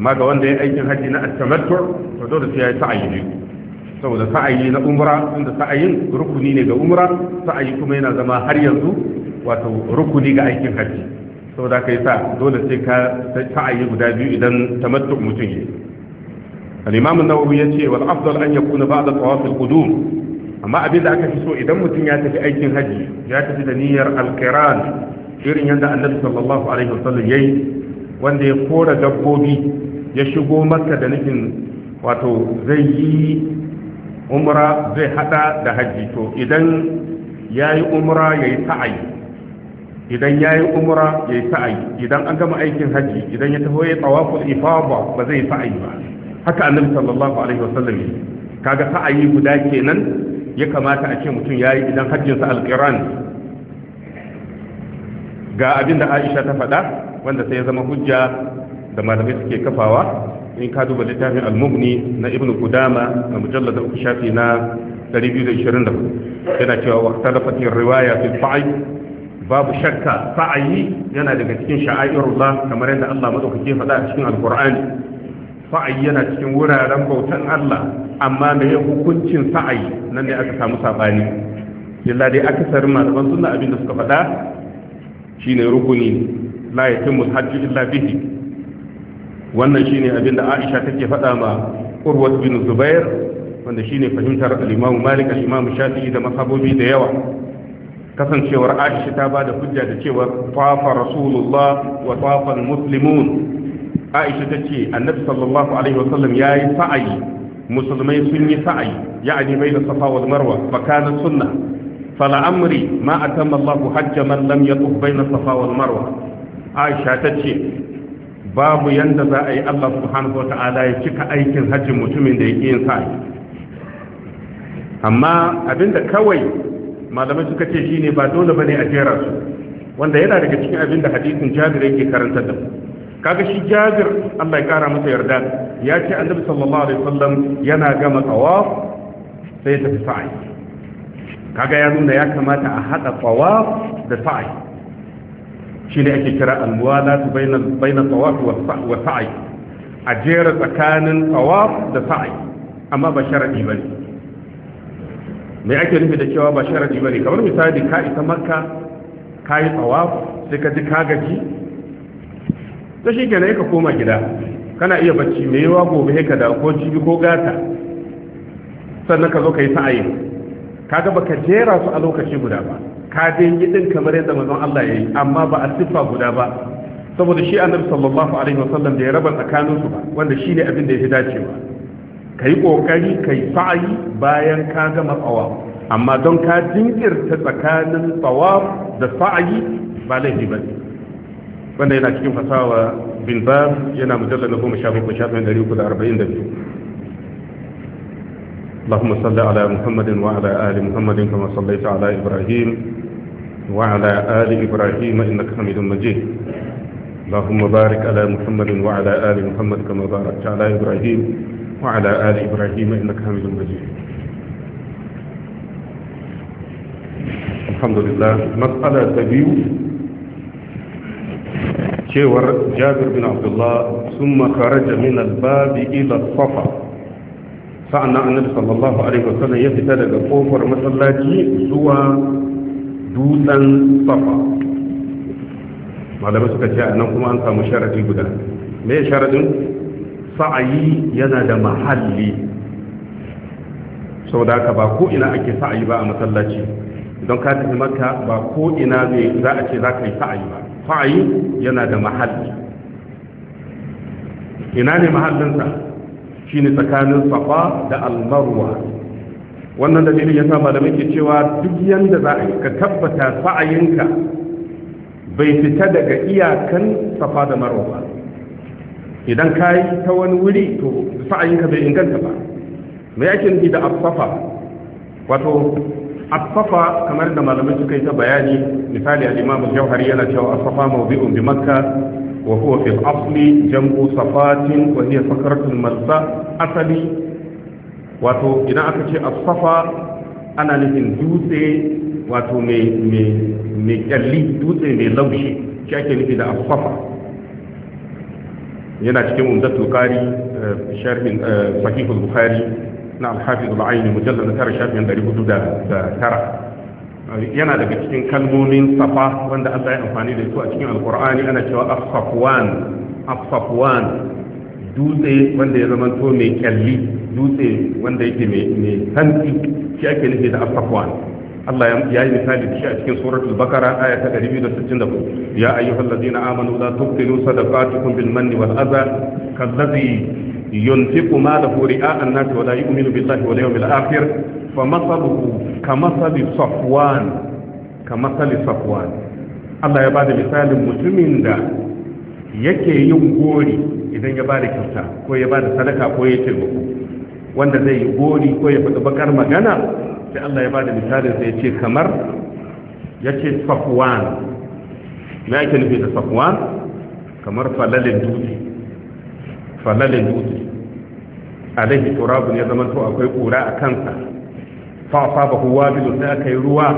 amma ga wanda ya aikin hajji na at-tamattu to dole sai ya yi sa'ayi ne saboda sa'ayi na umra inda sa'ayin rukuni ne ga umra sa'ayi kuma yana zama har yanzu wato rukuni ga aikin hajji saboda haka yasa dole sai ka sa'ayi guda biyu idan tamattu mutum yayi al-imam an-nawawi yace wal afdal an yakuna ba'da tawaf al-qudum amma abin da aka fi so idan mutum ya tafi aikin haji ya tafi da niyyar al-qiran irin yadda annabi sallallahu alaihi wasallam yayi wanda ya kora dabbobi ya shigo makka da nufin wato zai yi umra zai hada da haji to idan yayi umra yayi sa'ayi idan ya yi umra ya yi sa'ayi idan an gama aikin hajji idan ya tafi ya tsawafu ifaba ba zai sa'ayi ba haka annabi sallallahu alaihi wasallam kaga sa'ayi guda kenan ya kamata a ce mutum yayi idan hajjin sa alqiran ga abin da Aisha ta faɗa wanda sai ya zama hujja da malamai suke kafawa in ka duba littafin al-mughni na ibn qudama na mujallad uku shafi na 224 yana cewa waqtalafatir riwaya fil fa'i babu shakka sa'ayi yana daga cikin sha'airullah kamar yadda Allah madaukake faɗa a cikin alqur'ani sa'ayi yana cikin wuraren bautan Allah amma me ya hukuncin sa'ayi nan ne aka samu sabani illa dai akasarin malaman sunna abin da suka faɗa shine rukuni la yatimmu hajji illa bihi wannan shine abin da Aisha take faɗa ma Urwa bin Zubair wanda shine fahimtar al-Imam Malik al-Imam Shafi'i da masabobi da yawa kasancewar Aisha ta bada hujja da cewa tafa Rasulullah wa tafa al-muslimun aisha ta ce annabi sallallahu alaihi wasallam ya yi sa'ayi musulmai sun yi sa'ayi ya'ani bai da safa marwa fa kana sunna fala amri ma atamma Allah hajja man lam yatuf baina safa marwa aisha ta ce babu yanda za a yi Allah subhanahu wata'ala ya cika aikin hajjin mutumin da yake yin sa'ayi amma abinda kawai malamai suka ce shine ba dole bane a jera su wanda yana daga cikin abinda hadisin Jabir yake karantar da mu kaga shi jabir Allah ya kara masa yarda ya ce annabi sallallahu alaihi wasallam yana gama tawaf sai tafi sa'i kaga ya nuna ya kamata a hada tawaf da sa'i shine ake kira almuwalatu baina baina tawaf wa sa'i a jera tsakanin tawaf da sa'i amma ba sharadi bane me ake nufi da cewa ba sharadi bane kamar misali ka isa makka ka yi tawaf sai ka ji ka gaji ta shi kenan ka koma gida kana iya bacci mai yawa gobe ka da ko jibi ko gata sannan ka zo ka yi sa'ayi kaga ka jera su a lokaci guda ba ka dai yi din kamar yadda manzon Allah ya yi amma ba a siffa guda ba saboda shi annabi sallallahu alaihi wasallam da ya raba tsakanin su ba wanda shine abin da ya fi dacewa kai kokari kai sa'ayi bayan ka gama tsawa amma don ka jinkirta tsakanin tsawaf da sa'ayi ba laifi ba ne wanda yana cikin fasawa bin bab yana mujallar na goma shafi bakwai shafin ɗari da اللهم صل على محمد وعلى آل محمد كما صليت على إبراهيم وعلى آل إبراهيم إنك حميد مجيد اللهم بارك على محمد وعلى آل محمد كما باركت على إبراهيم وعلى آل إبراهيم إنك حميد مجيد الحمد لله مسألة تبيو cewar jabir bin abdullah sun makara min albabi ila safa sa'annan annabi sallallahu alaihi wasallam ya fita daga kofar masallaci zuwa dutsen safa malamai suka ce a nan kuma an samu sharadi guda me sharadin sa'ayi yana da mahalli saboda aka ba ko ina ake sa'ayi ba a masallaci don ka tafi maka ba ko ina za a ce za ka yi sa'ayi ba fa'ayi yana da mahalli ina ne mahallinsa shi ne tsakanin safa da almarwa wannan dalilin ya sa malamai ke cewa duk yanda za a ka tabbata fa'ayinka bai fita daga iyakan safa da marwa idan ka yi ta wani wuri to fa'ayinka bai inganta ba mai ake ni da afafa wato asfafa kamar da malamai suka yi ta bayani misali al-imam al-jawhari yana cewa asfafa mawdi'un bi makka wa huwa fi al-asli jambu safatin wa hiya sakratul malsa asali wato idan aka ce asfafa ana nufin dutse wato mai mai mai kyalli dutse mai laushi shi ake nufi da asfafa yana cikin umdatul qari eh, sharhin eh, sahih al-bukhari na alhafizul mujallar tara shafin dari da tara yana daga cikin kalmomin safa wanda Allah ya amfani da su a cikin alkur'ani ana cewa afsafwan afsafwan dutse wanda ya zama to mai kyalli dutse wanda yake mai santsi shi ake nufi da afsafwan Allah ya yi misali da shi a cikin suratul bakara aya ta 264 ya ayyuhallazina amanu la tubtilu sadaqatukum bil manni wal adha kallazi ينفق ماله رئاء الناس ولا يؤمن بالله واليوم الآخر فمثله كمثل صفوان كمثل صفوان الله يبعد مثال مسلمين دا yake yin gori idan ya ba da kyauta ko ya ba da sadaka ko ya taimako wanda zai yi gori ko ya faɗi bakar magana sai Allah ya ba da misalin sai ya ce kamar ya ce safwan me ake nufi da safwan kamar falalin dutse falalin yudu alaihi turabun ya zama akwai kura a kansa fa asaba huwa bil sai aka yi ruwa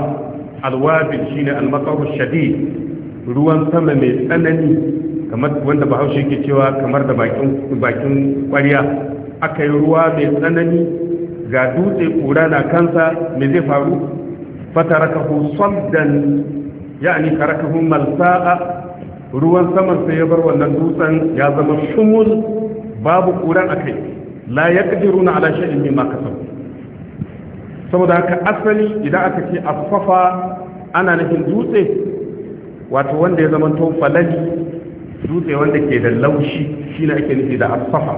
alwabil shine almaqaru shadi. ruwan sama mai tsanani kamar wanda bahaushe ke cewa kamar da bakin bakin ƙwarya aka yi ruwa mai tsanani ga dutse kura na kansa me zai faru fatarakahu saddan yani karakahu malsa'a ruwan saman sai ya bar wannan dutsen ya zama shumul babu kuran akai la yaqdiruna ala shay'in mimma kasabu saboda haka asali idan aka ce asfafa ana nufin dutse wato wanda ya zama to falali dutse wanda ke da laushi shi shine ake nufi da asfafa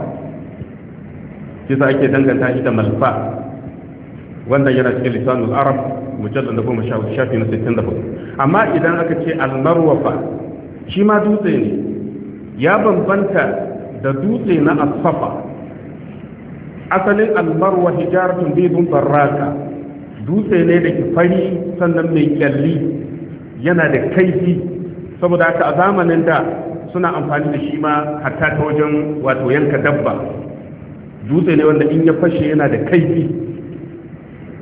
kisa ake danganta shi da malfa wanda yana cikin lisanul arab mujallal da goma shafi na sittin da hudu amma idan aka ce almarwafa shi ma dutse ne ya bambanta da dutse na asfafa asalin almarwa hijaratun bidun barraka dutse ne da ke fari sannan mai kyalli yana da kaifi saboda haka a zamanin da suna amfani da shi ma hatta ta wajen wato yanka dabba dutse ne wanda in ya fashe yana da kaifi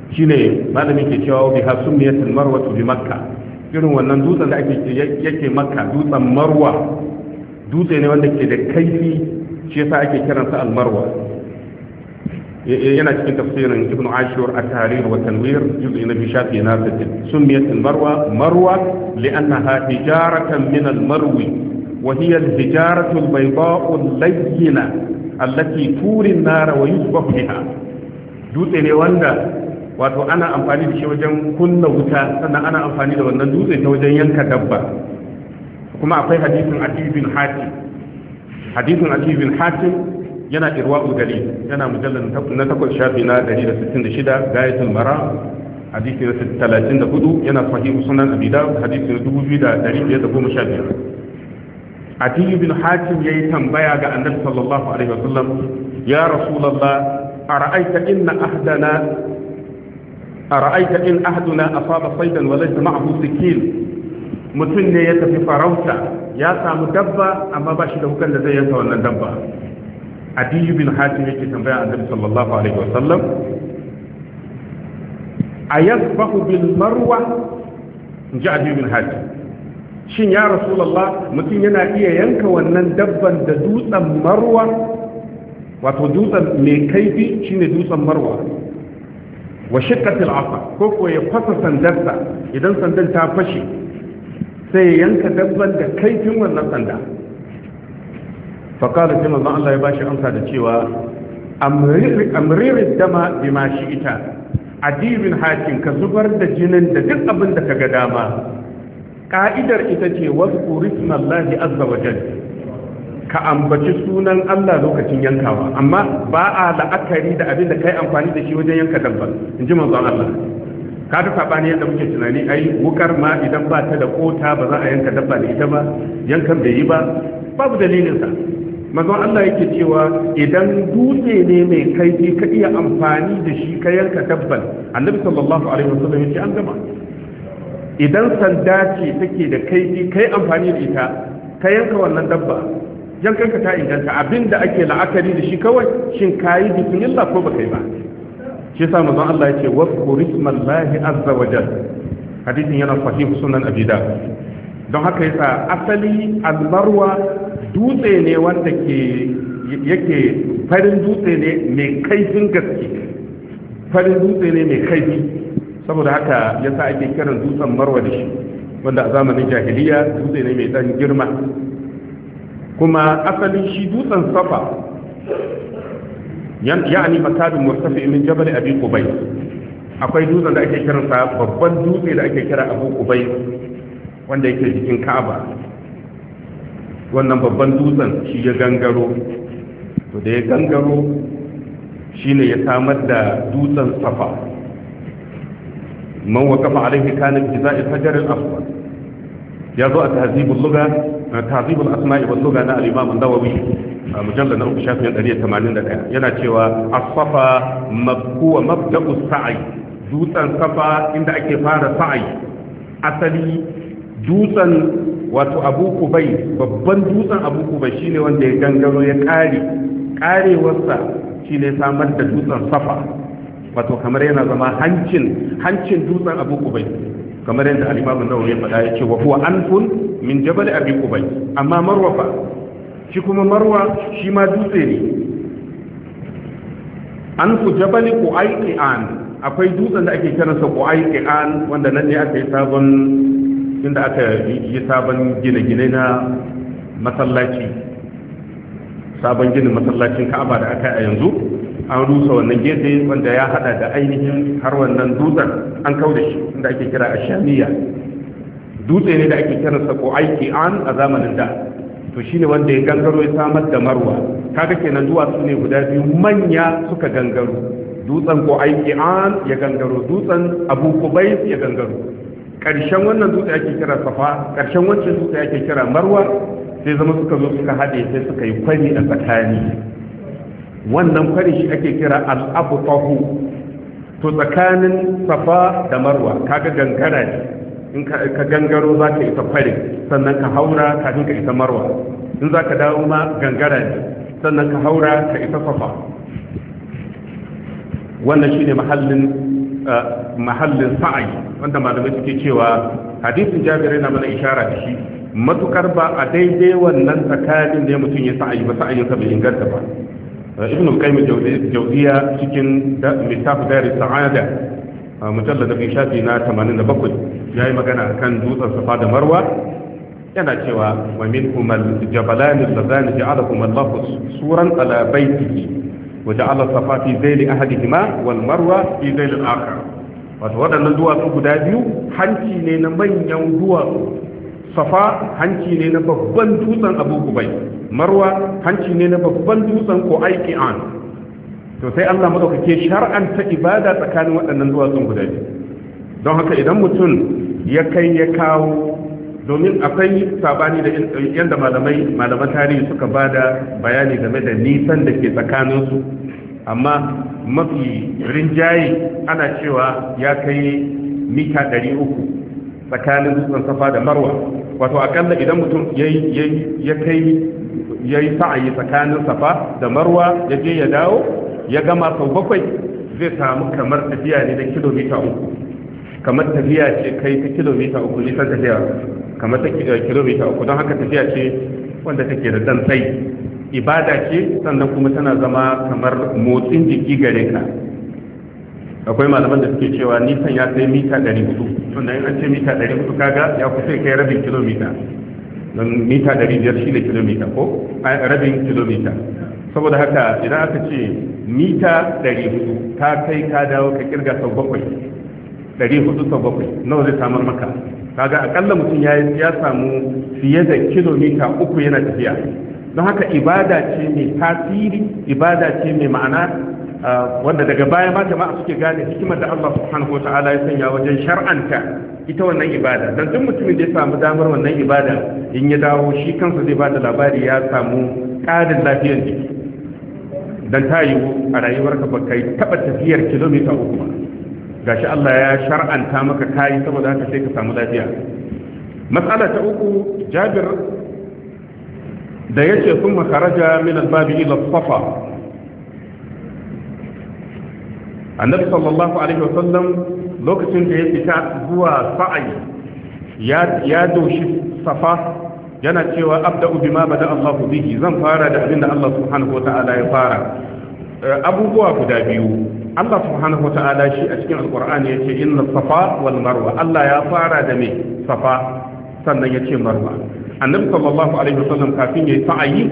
Shi shine malamin ke cewa wa bi hasumiyatul marwa bi makka irin wannan dutsen da ake yake makka dutsen marwa dutse ne wanda ke da kaifi shi yasa ake kiransa almarwa yana cikin tafsirin ibn ashur at-tahrir wa tanwir juz'i na bishafi na sittin sumiyat almarwa marwa li'annaha hijaratan min almarwi wa hiya alhijaratu albayda'u allayyina allati turi an-nara wa yusbahu biha dutse ne wanda wato ana amfani da shi wajen kunna wuta sannan ana amfani da wannan dutse ta wajen yanka dabba kuma akwai hadisin Atiyu bin Hatim hadisin Atiyu bin Hatim yana irwa'u gari yana mujallar na takwas shafi na dari da da sittin shida gayatul mara hadisi na talatin da hudu yana sahihu sunan abida hadisi na dubu biyu da da dari 2515 Atiyu bin Hatim yi tambaya ga Annabi sallallahu alaihi wasallam ya rasulullah ara'aita inna ahdana ara'aita in ahduna asaba saydan wa laysa ma'ahu sikil mutum ne ya tafi farauta ya samu dabba amma ba shi da hukan da zai yanka wannan dabba adiyu bin hatim yake tambaya annabi sallallahu alaihi wasallam ayasbahu bil marwa inji adiyu bin hatim shin ya rasulullah mutum yana iya yanka wannan dabban da dutsen marwa wato dutsen mai kaifi shine dutsen marwa wa shiqqatil afa ko ko ya fasa sandarsa idan sandan ta fashe sai yanka dabban da kaifin wannan sanda faƙalar jimar zan Allah ya bashi amsa da cewa amririn dama bi ma shi ita adibin hakin ka zubar da jinin da duk abin da ka ga dama ka'idar ita ce wasu rifin Allah azza wa ka ambaci sunan Allah lokacin yankawa amma ba a la'akari da abin da kai amfani da shi wajen yanka dabban in ji Allah ka ta sabani yadda muke tunani ai wukar ma idan ba ta da kota ba za a yanka dabba da ita ba yankan bai yi ba babu dalilin sa mazan Allah yake cewa idan dutse ne mai kaifi ka iya amfani da shi ka yanka dabban annabi sallallahu alaihi wasallam yace an gama idan sanda ce take da kaifi kai amfani da ita ka yanka wannan dabba yankanka ta inganta abinda ake la'akari da shi kawai shin kayi bismillah ko ba kai ba shi yasa mazan Allah yake wazkur ismallahi azza wa jal hadisin yana sahih sunan Abida don haka yasa asali almarwa dutse ne wanda ke yake farin dutse ne mai kaifin gaske farin dutse ne mai kaifi saboda haka ya sa ake kiran dutsen marwa da shi wanda a zamanin jahiliya dutse ne mai dan girma kuma asalin shi dutsen safa yani makadun murtafi min jabal abi qubai akwai dutsen da ake kiransa babban dutse da ake kira abu qubai wanda yake jikin ka'aba wannan babban dutsen shi ya gangaro to da ya gangaro shine ya samar da dutsen safa man waqafa alaihi kana bi za'i hajar al-aswad ya zo a tahzibul lugha tahzibul asma'i wal lugha na al-imam an-nawawi mujalla na uku shafin ɗaya yana cewa asafa mabkuwa mabda'u sa'i dutsen safa inda ake fara sa'i asali dutsen wato abu kubai babban dutsen abu kubai shine wanda ya gangaro ya kare karewarsa shine samar da dutsen safa wato kamar yana zama hancin hancin dutsen abu kubai kamar yadda al-imam an-nawawi ya faɗa ya ce wa huwa anfun min jabal abi kubai amma marwafa shi kuma marwa shi ma dutse ne an ku jabali ku aiki an akwai dutsen da ake kiransa ku aiki an wanda nan ne aka yi sabon inda aka yi sabon gine-gine na masallaci sabon ginin masallacin ka'aba da aka yi a yanzu an rusa wannan gefe wanda ya hada da ainihin har wannan dutsen an kau da shi inda ake kira ashamiya dutse ne da ake kiransa ku aiki an a zamanin da to shine wanda ya gangaro ya samar da marwa kaga kenan duwatsu ne guda biyu manya suka gangaro dutsen ko aiki an ya gangaro dutsen abu kubai ya gangaro ƙarshen wannan dutse ake kira safa ƙarshen wancan dutse ake kira marwa sai zama suka zo suka haɗe sai suka yi kwari a tsakani wannan kwari shi ake kira al'abu to tsakanin safa da marwa kaga gangara ne in ka gangaro za ka isa fari sannan ka haura kafin ka isa marwa in za ka dawo ma gangara ne sannan ka haura ka isa safa wannan shi ne mahallin uh, sa'ayi wanda malamai suke cewa hadisin jabir yana mana ishara da shi matukar ba a daidai wannan tsakanin da mutum ya sa'ayi ba sa'ayin sa bai inganta ba uh, ibn qayyim jawziya cikin littafin darus sa'ada uh, mujallad bi shafi na 87 ya yi magana kan dutsen safa da marwa yana cewa wa min kumal jabalani lazani ja'ala kumal lahu suran ala baitihi wa ja'ala safa fi zaili ahadihima wal marwa fi zaili al-akhar wato waɗannan duwatsu guda biyu hanci ne na manyan duwatsu safa hanci ne na babban dutsen abu kubai marwa hanci ne na babban dutsen ko aiki an to sai allah madaukake shar'anta ibada tsakanin waɗannan duwatsun guda biyu don haka idan mutum ya kai ya kawo domin akwai sabani da yadda malamai malaman tarihi suka ba da bayani game da nisan da ke tsakaninsu amma mafi rinjaye ana cewa ya kai mita 300 tsakanin dutsen safa da marwa wato akalla idan mutum ya kai ya yi sa'ayi tsakanin safa da marwa ya je ya dawo ya gama sau bakwai zai samu kamar tafiya ne da kilomita uku kamar tafiya ce kai ta kilomita uku nisan tafiya kamar ta eh, kilomita uku don haka tafiya ce wanda take da dan sai ibada ce sannan kuma tana zama kamar motsin jiki gare ka akwai malaman da suke cewa nisan ya kai mita hudu tunda in an ce mita hudu kaga ya kusa kai rabin kilomita don mita shi shine kilomita ko rabin kilomita saboda haka idan aka ce mita hudu ta kai ka dawo ka kirga sau bakwai 407 nawa zai samar maka kaga akalla mutum ya samu fiye da kilomita uku yana tafiya don haka ibada ce mai tasiri ibada ce mai ma'ana ah, wanda daga baya ma jama'a suke gane hikimar da Allah subhanahu wa ta'ala ya sanya wajen shar'anta ita wannan ibada dan duk mutumin da ya samu damar wannan ibada in ya dawo shi kansa zai bada labari ya samu ƙarin lafiyar jiki dan ta yiwu a rayuwarka ba kai taɓa tafiyar kilomita uku ba gashi Allah ya shar'anta maka kayi saboda haka sai ka samu lafiya matsala ta uku jabir da yace sun makaraja min albabi ila safa annabi sallallahu alaihi wasallam lokacin da ya fita zuwa sa'ayi ya ya doshi safa yana cewa abda'u bima bada Allahu bihi zan fara da abinda Allah subhanahu wata'ala ya fara eh, abubuwa guda biyu Allah subhanahu wa ta'ala shi a cikin alkur'ani yace inna safa wal marwa Allah ya fara da me safa sannan yace marwa annabi sallallahu alaihi wasallam kafin yayi sa'ayi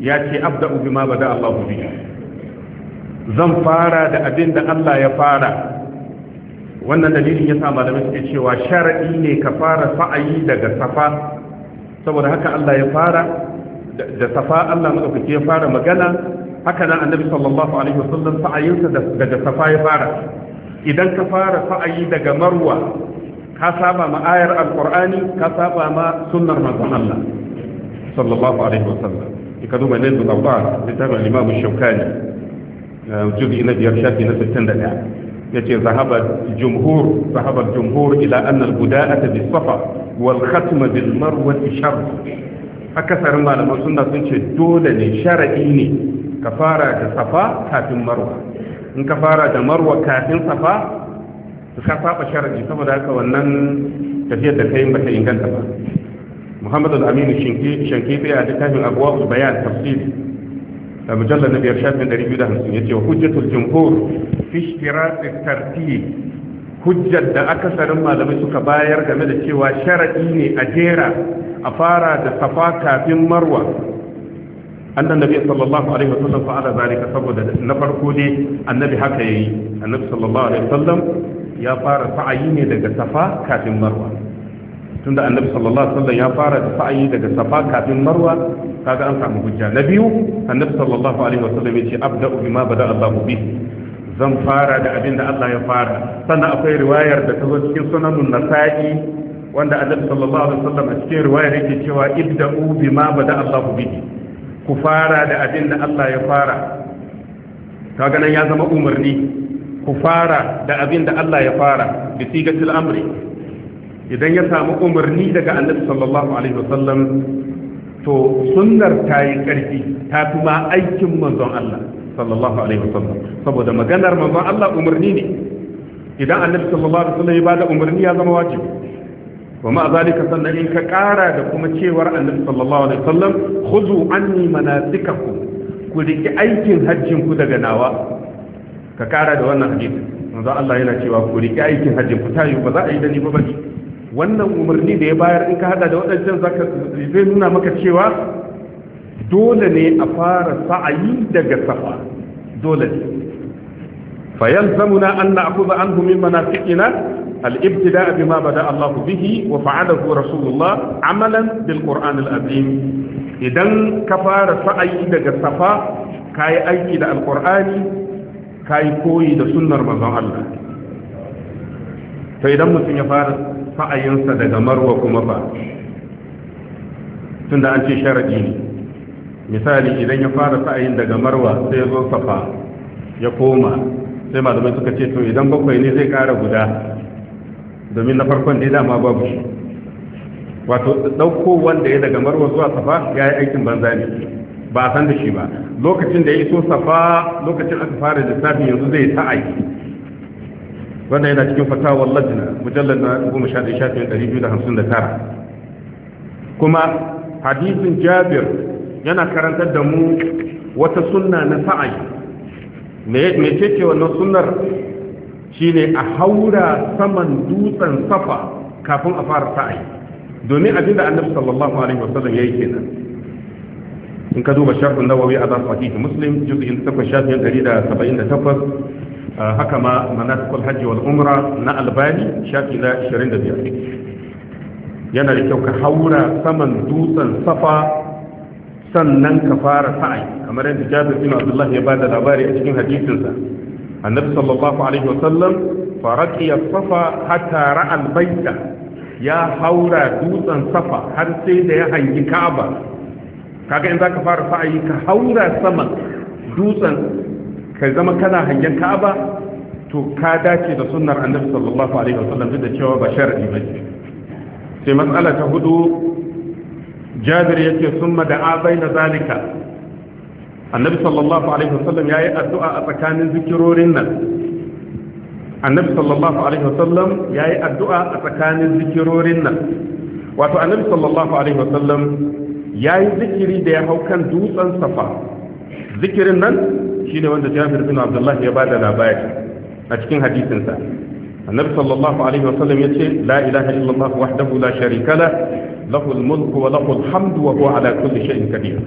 yace abda'u bima bada Allah bi zan fara da abin da Allah ya fara wannan dalilin ya sa malamai suke cewa sharadi ne ka fara sa'ayi daga safa saboda haka Allah ya fara da safa Allah madaukake ya fara magana haka annabi sallallahu alaihi wasallam sa'ayinsa daga safa ya fara idan ka fara sa'ayi daga marwa ka saba ma ayar alqur'ani ka saba ma sunnar manzon Allah sallallahu alaihi wasallam ka duba nan da Allah littafin Imam Shawkani juz'i na biyar shafi na 61 yace zahaba jumhur zahaba jumhur ila anna al-buda'ata safa wal khatma bil-marwa shar akasarin malaman sunna sun ce dole ne shar'i ne ka fara da safa kafin marwa in ka fara da marwa kafin safa ka saba sharadi saboda haka wannan tafiyar da kai bata inganta ba muhammadu al-aminu shankiti a littafin abuwa bayan tafsiri a mujallar na biyar shafin ɗari biyu da hamsin ya ce wa hujjatul jumhur fi shirati tartib hujjar da akasarin malamai suka bayar game da cewa sharadi ne a jera a fara da safa kafin marwa annan nabi sallallahu alaihi wasallam fa'ala zalika saboda na farko dai annabi haka yayi annabi sallallahu alaihi wasallam ya fara sa'ayi ne daga safa kafin marwa tunda annabi sallallahu alaihi wasallam ya fara sa'ayi daga safa kafin marwa kaga an samu hujja na biyu annabi sallallahu alaihi wasallam yace abda'u bima bada Allahu zan fara da abin da Allah ya fara sannan akwai riwayar da ta zo cikin sunanun nasa'i wanda annabi sallallahu alaihi wasallam a cikin riwayar yake cewa ibda'u bima bada Allahu bihi ku fara da abin da Allah ya fara ta ganin ya zama umarni ku fara da abin da Allah ya fara bi sigatil amri idan ya samu umarni daga annabi sallallahu alaihi wasallam to sunnar ta yi ƙarfi ta fi ma aikin manzon Allah sallallahu alaihi wasallam saboda maganar manzon Allah umarni ne idan annabi sallallahu alaihi wasallam ya bada umarni ya zama wajibi wa ma zalika sannan in ka kara da kuma cewar annabi sallallahu alaihi wasallam khudhu anni manasikakum ku riki aikin hajjin ku daga nawa ka kara da wannan hadisi manzo Allah yana cewa ku riki aikin hajjin ku tayi ba za a yi da ni ba bane wannan umarni da ya bayar in ka hada da wadannan zaka zai nuna maka cewa dole ne a fara sa'ayi daga safa dole ne fayalzamuna an na'khudha anhu min manasikina al-ibtida bima bada Allahu bihi wa fa'alahu rasulullah amalan bil qur'an al-azim idan ka fara sa'ayi daga safa kai aiki da al-qur'ani kai koyi da sunnar manzon Allah to idan mutum ya fara sa'ayinsa daga marwa kuma fa tunda an ce sharadi ne misali idan ya fara sa'ayin daga marwa sai ya zo safa ya koma sai malamai suka ce to idan bakwai ne zai kara guda domin na farkon dai dama babu shi wato ɗauko wanda ya daga marwa zuwa safa ya yi aikin banza ne ba a san da shi ba lokacin da ya iso safa lokacin aka fara lissafin yanzu zai ta aiki wanda yana cikin fatawar lajina mujallar na goma sha ɗaya shafin ɗari biyu da hamsin da tara kuma hadisin jabir yana karantar da mu wata sunna na sa'ai me ce ce wannan sunnar shine a haura saman dutsen safa kafin a fara sa'ayi domin abin da annabi sallallahu alaihi wasallam yayi kenan in ka duba sharhun nawawi a zan sahih muslim juz'in 8 shafin ɗari da da saba'in takwas haka ma manasikul hajji wal umra na albani shafi na biyar. yana da kyau ka haura saman dutsen safa sannan ka fara sa'ai kamar yadda jabir bin Abdullahi ya bada labari a cikin hadisinsa annabi sallallahu alaihi wasallam ya safa hatta ra'a albayta ya haura dutsen safa har sai da ya hangi ka'aba kaga in zaka fara sa'ayi ka haura sama dutsen ka zama kana hangen ka'aba to ka dace da sunnar annabi sallallahu alaihi wasallam da cewa ba shar'i bace sai matsala ta hudu jabir yake summa da na zalika annabi sallallahu alaihi wasallam yayi addu'a a tsakanin zikirorin nan annabi sallallahu alaihi wasallam yayi addu'a a tsakanin zikirorin nan wato annabi sallallahu alaihi wasallam yayi zikiri da ya hau kan dutsen safa zikirin nan shine wanda Jabir bin Abdullah ya bada labari a cikin hadisinsa annabi sallallahu alaihi wasallam ya ce la ilaha illallah wahdahu la sharika la lahul mulku wa lahul hamdu wa huwa ala kulli shay'in qadir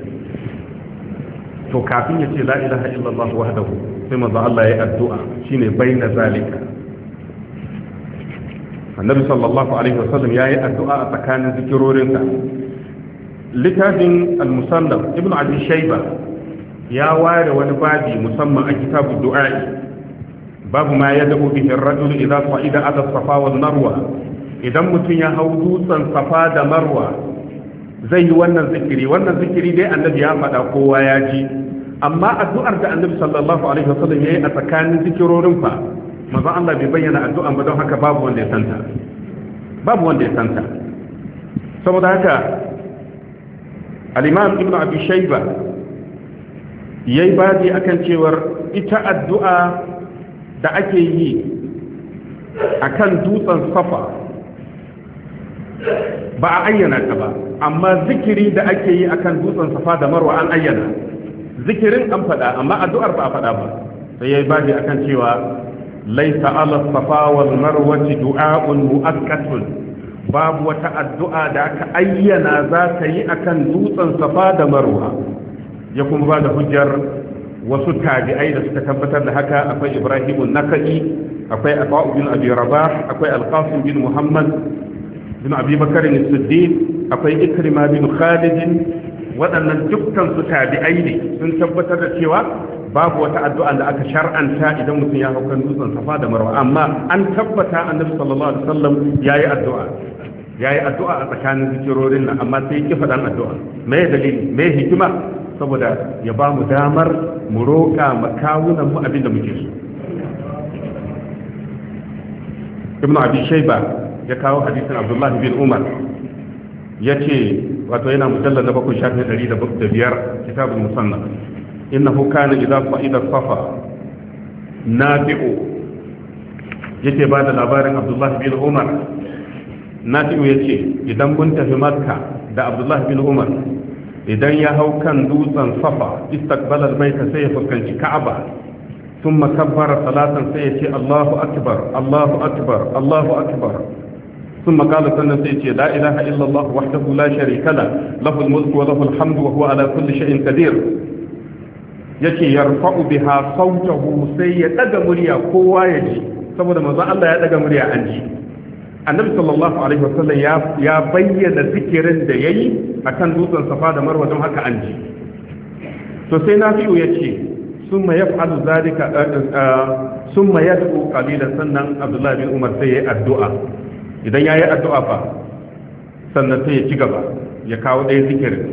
to kafin ya ce la ilaha illallah wahdahu sai manzo Allah ya addu'a shine baina zalika annabi sallallahu alaihi wasallam ya yi addu'a a tsakanin zikirorinsa littafin al-musannaf ibn abi shayba ya ware wani babi musamman a kitabu du'a'i babu ma ya dabu bihi ar-rajul idza sa'ida ala safa wal marwa idan mutum ya hau dutsen safa da marwa zai yi wannan zikiri wannan zikiri dai annabi ya faɗa kowa ya ji amma addu'ar da annabi sallallahu alaihi wasallam yayi a tsakanin zikirorin fa manzo Allah bai bayyana addu'an ba don haka babu wanda ya santa babu wanda ya santa saboda haka al-imam ibnu abi shayba yayi baji akan cewar ita addu'a da ake yi akan dutsen safa ba a ayyana ta ba amma zikiri da ake yi akan dutsen safa da marwa an ayyana zikirin an faɗa amma addu'ar ba a faɗa ba sai yayi baji akan cewa laisa ala safa wal marwati du'a'un mu'akkatun babu wata addu'a da aka ayyana za ka yi akan dutsen safa da marwa ya kuma ba da hujjar wasu tabi'ai da suka tabbatar da haka akwai ibrahim naka'i akwai abu bin abi rabah akwai alqasim bin muhammad bin abi bakar siddiq akwai ikrima bin khalid waɗannan dukkan su tabi'ai ne sun tabbatar da cewa babu wata addu'a da aka shar'anta idan mutum ya haukan dutsen safa da marwa amma an tabbata annabi sallallahu alaihi wasallam yayi addu'a yayi addu'a a tsakanin zikirorin nan amma sai ki faɗan addu'a me dalili me hikima saboda ya ba mu damar mu roƙa makawunan mu abinda da muke so ibnu abi shayba ya kawo hadisin abdullahi bin umar ya ce wato yana mujallar na bakwai shafi ɗari da biyar kitabun musamman inna hukana idan fa'idar Fafa? na fi'o ce ba da labarin Abdullahi bin umar na fi'o ya ce idan mun tafi makka da Abdullahi bin umar idan ya hau kan dutsen Fafa istakbalar mai ta sai ya fuskanci ka'aba sun makabbar salatan sai ya ce allahu akbar allahu akbar allahu akbar ثم قال سنة سيتي لا إله إلا الله وحده لا شريك له له الملك وله الحمد وهو على كل شيء قدير yake yarfa'u biha sautahu sai ya daga murya kowa ya ji saboda manzo Allah ya daga murya an ji annabi sallallahu alaihi wasallam ya ya bayyana zikirin da yayi akan dutsen safa da marwa don haka an ji to sai nafi'u yace summa yaf'alu zalika summa yad'u qabilan sannan abdullahi bin umar sai ya addu'a idan ya yi addu'a fa sannan sai ya ci gaba ya kawo ɗaya zikirin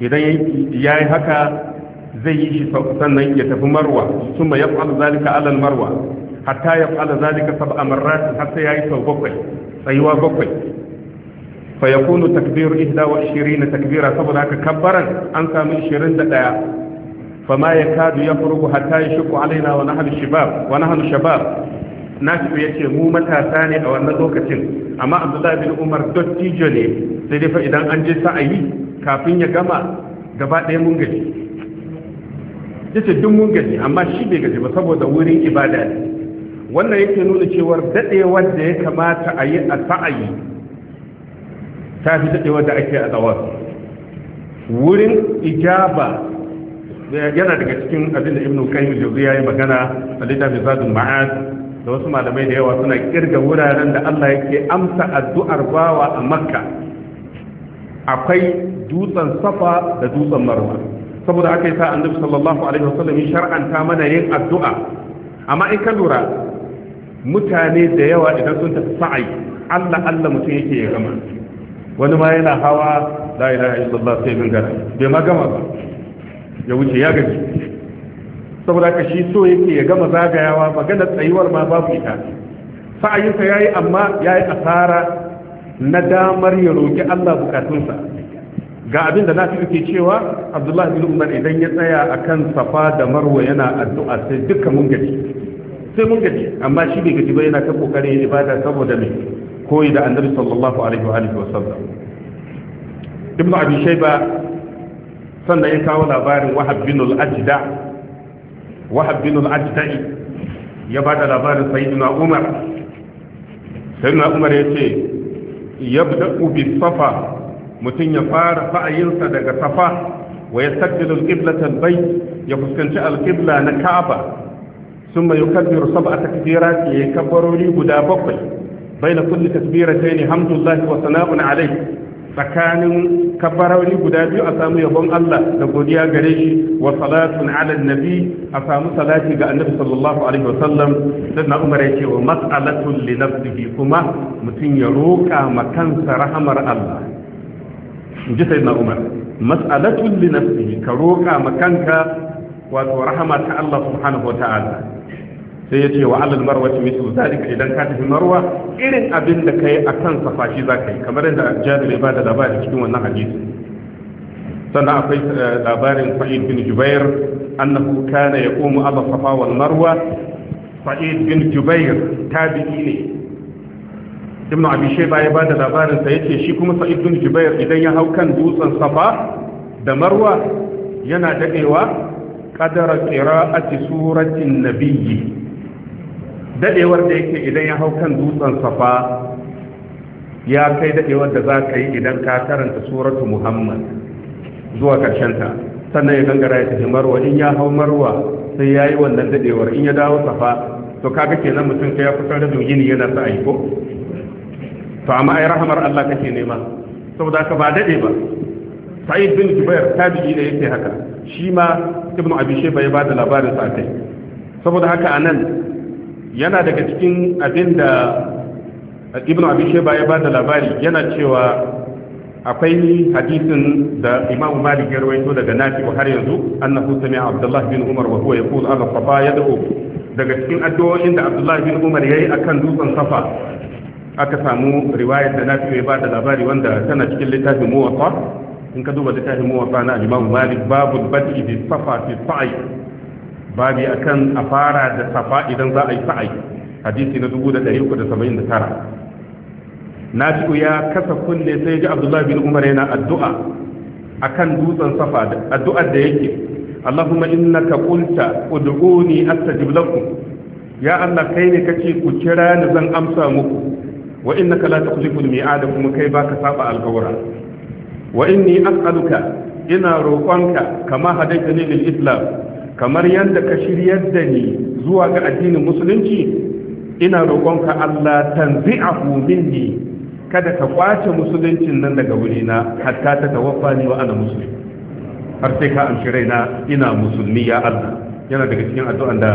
idan ya yi haka zai yi shi sannan ya tafi marwa sun ya fa'ala zalika alal marwa hatta ya fa'ala zalika sab'a marrat har sai ya yi sau bakwai tsayuwa bakwai fa ya kunu takbiru ihda wa na takbira saboda haka kabbaran an samu ya فما يكاد يفرق حتى يشق علينا ونحن الشباب ونحن shabab. nasu ya ce mu matasa ne a wannan lokacin amma abdullahi bin umar dottijo ne sai dai fa idan an je sa'ayi kafin ya gama gaba ɗaya mun gaji ya ce duk mun gaji amma shi bai gaji ba saboda wurin ibada ne wannan yake nuna cewar daɗewar da ya kamata a yi a sa'ayi ta fi daɗewar da ake a tsawon wurin ijaba yana daga cikin abin da ibnu qayyim jawziya ya magana a littafin zadul ma'ad da wasu malamai da yawa suna kirga wuraren da Allah yake amsa addu'ar bawa a makka akwai dutsen safa da dutsen marwa saboda aka yi sa annabi sallallahu alaihi wasallam shar'anta mana yin addu'a amma in ka lura mutane da yawa idan sun tafi sa'ai Allah Allah mutum yake ya gama wani ma yana hawa la ilaha illallah sai min gara bai ma gama ba ya wuce ya gaji saboda ka shi so yake ya gama zagayawa magana tsayuwar ma babu ita sa'ayinsa ya yi amma ya yi asara na damar ya roƙi Allah bukatunsa ga abin da nafi ke cewa abdullahi bin umar idan ya tsaya a kan safa da marwa yana addu'a sai dukkan mun gaji sai mun gaji amma shi bai gaji ba yana ta kokarin ibada saboda mai koyi da annabi sallallahu alaihi wa alihi wasallam ibnu abi shayba sannan ya kawo labarin wahab bin al-ajda wahab bin al-ajda'i ya bada labarin sayyidina umar sayyidina umar ya ce yabda'u bi safa mutum ya fara fa'ayinsa daga safa wa ya al-qiblata fuskanci al na ka'aba ثم يكبر سبع تكبيرات يكبر لي غدا بقي بين كل تكبيرتين حمد الله وثناء عليه tsakanin kabbarori guda biyu a samu yabon Allah da godiya gare shi wa salatun ala nabi a samu salati ga annabi sallallahu alaihi wasallam sannan Umar ya ce wa mas'alatun li nafsihi kuma mutum ya roƙa ma kansa rahamar Allah in ji sayyidina Umar mas'alatun li nafsihi ka roƙa ma kanka wato rahama ta Allah subhanahu wa ta'ala sai ya ce wa alal marwa ta misu zalika idan ka tafi marwa irin abin da kai a kan safashi za ka yi kamar yadda jabir ya ba da labari cikin wannan hadisi sannan akwai eh, labarin fa'id bin jubair annahu kana yaqumu aba safa wal marwa fa'id bin jubair tabi'i ne ibn abi shayba ya bada labarin sa yace shi kuma sa'id bin jubair idan ya hau kan dutsen safa da marwa yana dadewa qadara qira'ati suratin nabiyyi dadewar da yake idan ya hau kan dutsen safa ya kai dadewar da za ka yi idan ka karanta suratu muhammad zuwa karshen ta sannan ya gangara ya tafi marwa in ya hau marwa sai ya yi wannan dadewar in ya dawo safa to kaga kenan mutum ka ya kusan rabin yini yana sa aiko to amma ai rahamar Allah kake nema saboda ka ba dade ba sa'id bin jubair tabi'i ne yake haka shi ma ibnu abi shayba ya bada labarin sa kai saboda haka anan yana daga cikin abin da ibn abi sheba ya bada labari yana cewa akwai hadisin da imam malik ya rawaito daga nafi har yanzu annahu sami'a abdullah bin umar wa huwa yaqul ala safa yad'u daga cikin addu'o'in da abdullah bin umar yayi akan dutsen safa aka samu riwayar da nafi ya bada labari wanda tana cikin littafin muwatta in ka duba littafin muwatta na imam malik babu bad'i bi safa fi sa'i babi akan a fara da safa idan za a yi sa'ai hadisi na 1379 nafi'u ya kasa kunne sai ji abdullahi bin umar yana addu'a akan dutsen safa addu'ar da yake allahumma innaka qulta ud'uni astajib lakum ya allah kai ne kace ku kira ni zan amsa muku wa innaka la tukhlifu miada kuma kai baka saba alkawara wa inni as'aluka ina roƙonka kama hadaita ni lil islam kamar yadda ka shiryar da ni zuwa ga addinin musulunci ina roƙonka Allah tanzi'ahu minni kada ka kwace musuluncin nan daga wurina hatta ta tawaffa ni wa ana muslim har sai ka amshi raina ina musulmi ya Allah yana daga cikin addu'an da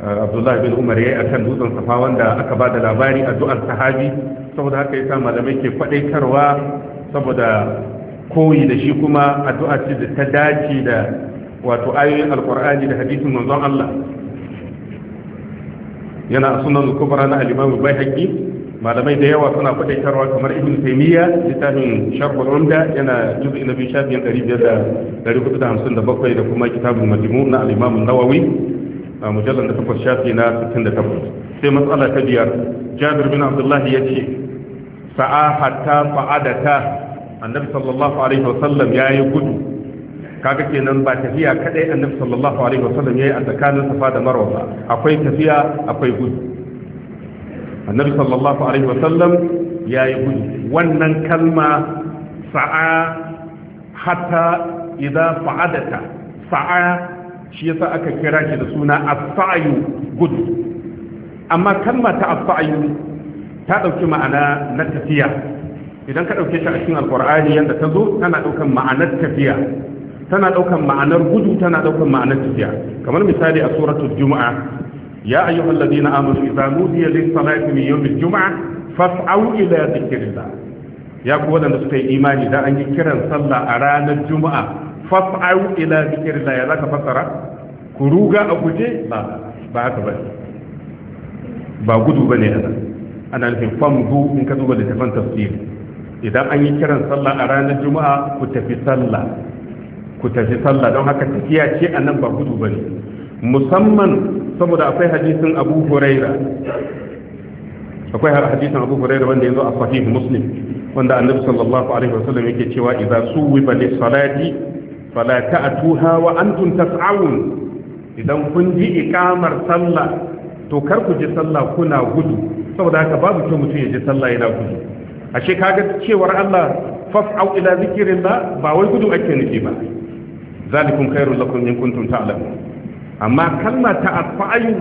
uh, Abdullah bin Umar yayi akan dutsen Safa wanda aka ba da labari addu'ar sahabi saboda haka yasa malamai ke karwa saboda koyi da shi kuma addu'a ce da ta dace da wato ayoyin alkur'ani da hadisin manzon Allah yana sunan kubra na al-imam bayhaqi malamai da yawa suna faɗaitarwa kamar ibn taymiya littafin sharhul umda yana juz'i na biyu shafin biyar da dari hudu da da da hamsin kuma kitabun majmu' na al-imam an-nawawi a mujallar da takwas shafi na sittin da 68 sai matsala ta biyar jabir bin abdullahi ya ce sa'a hatta fa'adata annabi sallallahu alaihi wasallam yi gudu kaga kenan ba tafiya kadai annabi sallallahu alaihi wasallam yayi a tsakanin safa da marwa ba akwai tafiya akwai gudu annabi sallallahu alaihi wasallam yayi gudu wannan kalma sa'a hatta idza fa'adata sa'a shi yasa aka kira shi da suna as-sa'yu gudu amma kalma ta as-sa'yu ta dauki ma'ana na tafiya idan ka dauke ta a cikin alqur'ani yanda ta zo tana daukan ma'anar tafiya tana ɗaukan ma'anar gudu tana ɗaukan ma'anar tafiya kamar misali a suratul juma'a ya ayyuhal ladina amanu idza nudiya lis salati min yawmil juma'a fas'au ila dhikrillah ya ku wadanda suka yi imani da an yi kiran sallah a ranar juma'a fas'au ila dhikrillah ya zaka fasara ku ruga a guje ba ba haka ba ba gudu bane ana ana nufin famdu in ka duba littafin tafsiri idan an yi kiran sallah a ranar juma'a ku tafi sallah ku tafi sallah don haka tafiya ce a nan ba gudu ba ne musamman saboda akwai hadisin abu huraira akwai hadisin abu huraira wanda ya zo a sahih muslim wanda annabi sallallahu alaihi wasallam yake cewa idza suwiba li salati fala ta'tuha wa antum tasawun idan kun ji ikamar sallah to kar ku ji sallah kuna gudu saboda haka babu kyau mutum ya ji sallah yana gudu ashe kaga cewar Allah fas'au ila zikrillah ba wai gudu ake nufi ba zalikum khairul lakum in kuntum ta'lamun amma kalma ta asfa'u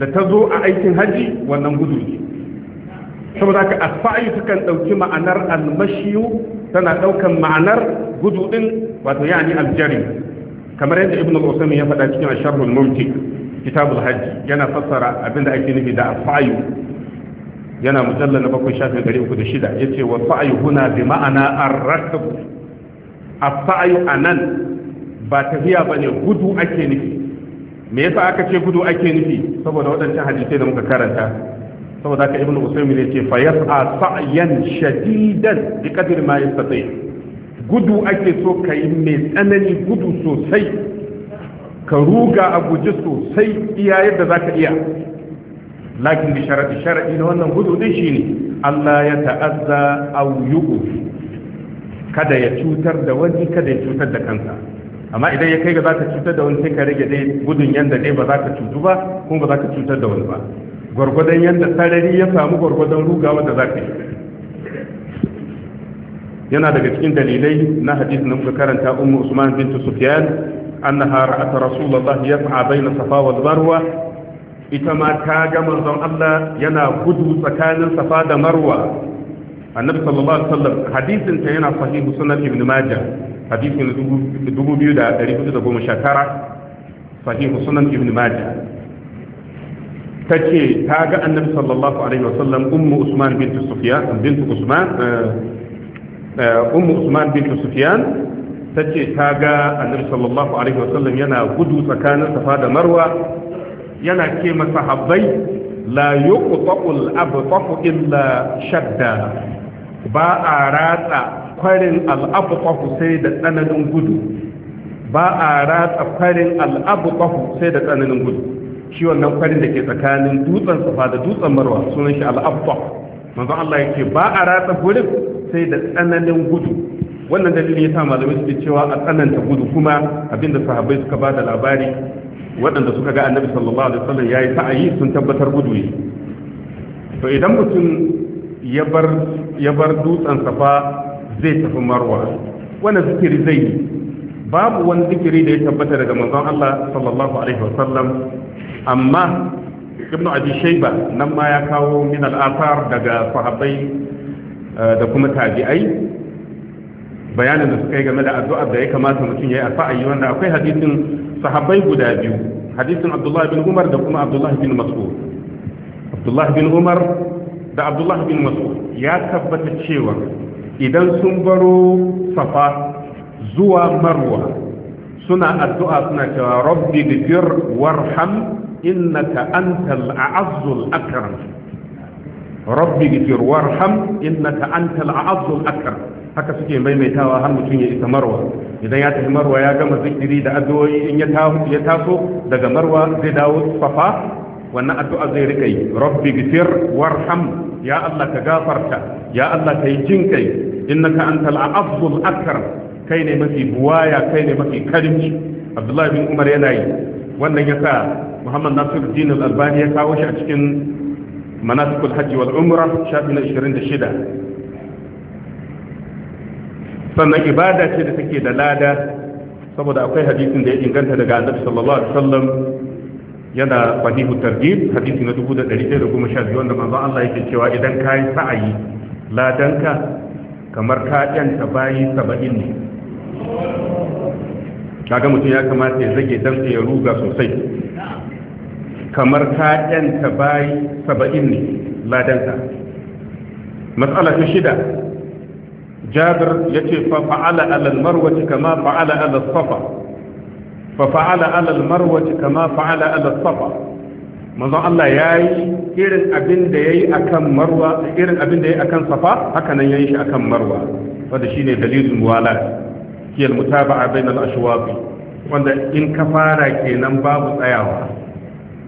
da ta zo a aikin haji wannan gudu ne saboda ka asfa'u takan dauki ma'anar almashiyu tana daukan ma'anar gudu din wato yani aljari kamar yadda ibnu al-usaymin ya faɗa cikin asharhul mumtik kitabul hajji yana fassara abinda ake nufi da asfa'u yana mujalla na bakwai shafin ɗari uku da shida ya ce wa sa'ayu huna bi ma'ana an rakabu a sa'ayu a nan ba tafiya ba ne gudu ake nufi me yasa aka ce gudu ake nufi saboda waɗancan hadisai da muka karanta saboda ka ibnu usaymin yace fa yas'a sa'yan shadidan bi qadri ma yastati gudu ake so kai mai tsanani gudu sosai ka ruga a guji sosai iya yadda zaka iya lakin bi sharadi sharadi da wannan gudu din shine Allah ya ta'azza aw yu'u kada ya cutar da wani kada ya cutar da kansa amma idan ya kai ga zaka cutar da wani sai ka rage dai gudun yanda dai ba za ka cutu ba kuma ba za ka cutar da wani ba gwargwadon yanda sarari ya samu gwargwadon rugawa da za ka yi yana daga cikin dalilai na hadisi na muka karanta ummu usman bintu sufyan annaha ra'at rasulullah yas'a baina safa wal marwa ita ma ta ga manzon Allah yana gudu tsakanin safa da marwa annabi sallallahu alaihi wasallam hadisin ta yana sahihu sunan ibn majah hadisi na 2419 sahihu sunan ibn majah tace ta ga annabi sallallahu alaihi wasallam ummu usman bint sufyan bint usman ummu usman bint sufyan tace ta ga annabi sallallahu alaihi wasallam yana gudu tsakanin safa da marwa yana ce masa habbai la yuqta'u al-abtaq illa shadda ba a ratsa kwarin al'abu kwafu sai da tsananin gudu ba a ratsa kwarin al'abu kwafu sai da tsananin gudu shi wannan kwarin da ke tsakanin dutsen safa da dutsen marwa sunan shi al'abu kwafu manzo Allah ya ce ba a ratsa gurin sai da tsananin gudu wannan dalilin sa malamai suke cewa a tsananta gudu kuma abinda sahabbai suka ba da labari waɗanda suka ga annabi sallallahu alaihi wasallam yayi sa'ayi sun tabbatar gudu ne to idan mutum ya bar ya bar dutsen safa zai tafi marwa wanda zikiri zai yi babu wani zikiri da ya tabbata daga manzon Allah sallallahu alaihi wasallam amma ibnu abi shayba nan ma ya kawo min al-athar daga sahabbai eh, da kuma tabi'ai bayanin da suka yi game da addu'ar da ya kamata mutum ya yi a sa'ayi wanda akwai hadisin sahabbai guda biyu hadisin abdullahi bin umar da kuma abdullahi bin mas'ud abdullahi bin umar da abdullahi bin mas'ud ya tabbata cewa idan sun baro safa zuwa marwa suna addu'a suna cewa rabbi gfir warham innaka antal a'azzul akram rabbi gfir warham innaka antal a'azzul akram haka suke maimaitawa har mutum ya isa marwa idan ya tafi marwa ya gama zikiri da addu'o'i in ya taso daga marwa zai dawo safa wannan addu'a zai rika yi rabbi gfir warham ya Allah ka gafarta ya Allah ka yi jin kai innaka antal afdul akram kai ne mafi buwaya kai ne mafi karimci abdullahi bin umar yana yi wannan yasa muhammad nasir din al-albani ya kawo shi a cikin manasikul hajji wal umra shafi na 26 sannan ibada ce da take da lada saboda akwai hadisin da ya inganta daga annabi sallallahu alaihi wasallam yana sahihu targhib hadisi na 1112 wanda manzo Allah yake cewa idan kai sa'ayi ladanka kamar ka yanta bayi saba'in ne kaga mutum ya kamata ya zage dan ya ruga sosai kamar ka yanta bayi saba'in ne Ladanta. matsala ta shida jabir ya ce fa fa'ala alal marwaci kama fa'ala alal safa fa fa'ala alal marwaci kama fa'ala alal safa manzon Allah ya yi irin abin da ya yi a kan marwa irin abin da ya yi a kan safa haka nan ya yi shi a kan marwa wanda shi ne dalilin muwalat kiyar mutaba a bainal ashwafi wanda in ka fara kenan babu tsayawa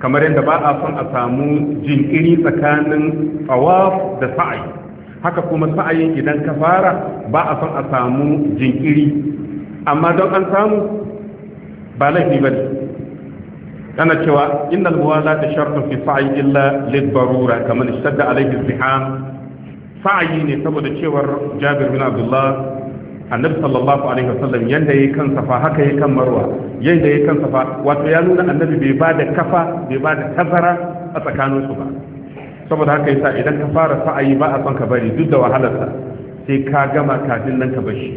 kamar yadda ba a son a samu jinkiri tsakanin tawaf da sa'ayi haka kuma sa'ayin idan ka fara ba a son a samu jinkiri amma don an samu ba laifi ba ne kana cewa innal muwalata shartun fi sa'i illa lil barura kamar istadda alaihi ziham sa'ayi ne saboda cewar Jabir bin Abdullah annabi sallallahu alaihi wasallam yanda yayi kan safa haka yayi kan marwa yanda yayi kan safa wato ya nuna annabi bai ba da kafa bai ba da tazara a tsakanin su ba saboda haka yasa idan ka fara sa'ayi ba a son ka bari duk da wahalarsa sai ka gama kafin nan ka bar shi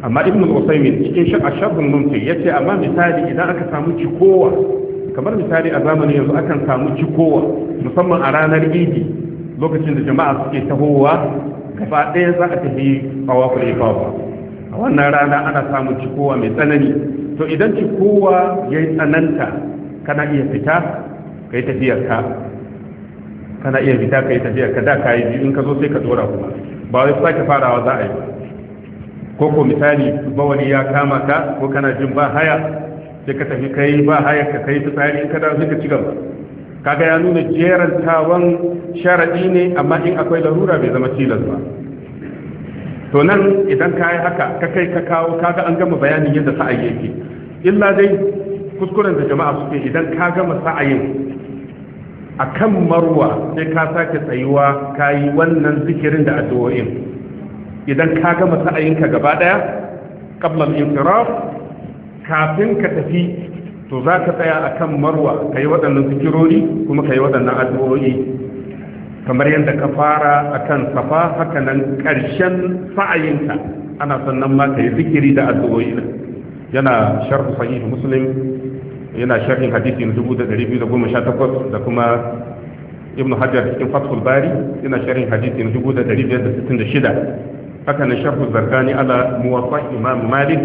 amma ibn al-usaymin cikin shi ashabun mumti yace amma misali idan aka samu cikowa kamar misali a zamanin yanzu akan samu cikowa musamman a ranar idi lokacin da jama'a suke tahowa gaba ɗaya za a tafi kawa kure kawa a wannan rana ana samu cikowa mai tsanani to idan cikowa ya yi tsananta kana iya fita ka yi ka kana iya fita ka yi ka, da ka yi biyu in ka zo sai ka dora kuma ba wai sake farawa za a yi ko ko misali bawani ya kama ka ko kana jin ba haya da ka tafi kai ba hayar ka kai fitsari ka da sai ci gaba kaga ya nuna jerantawan sharadi ne amma in akwai larura bai zama tilas ba to nan idan ka yi haka ka kai ka kawo kaga an gama bayanin yadda sa'ayi yake illa dai kuskuren da jama'a suke idan ka gama sa'ayin a kan marwa sai ka sake tsayuwa ka yi wannan zikirin da addu'o'in idan ka gama sa'ayinka gaba ɗaya ƙablan insiraf kafin ka tafi to za ka tsaya a kan marwa ka yi waɗannan zikirori kuma ka yi waɗannan addu'o'i kamar yadda ka fara a kan safa haka nan ƙarshen sa'ayinka ana sannan ma ka yi zikiri da addu'o'i yana sharhu sahih muslim yana sharhin hadisi na dubu da biyu da da goma sha takwas kuma ibn hajar cikin fathul bari yana sharhin hadisi na dubu da da sittin 1566 haka nan sharhu zargani ala muwatta imam malik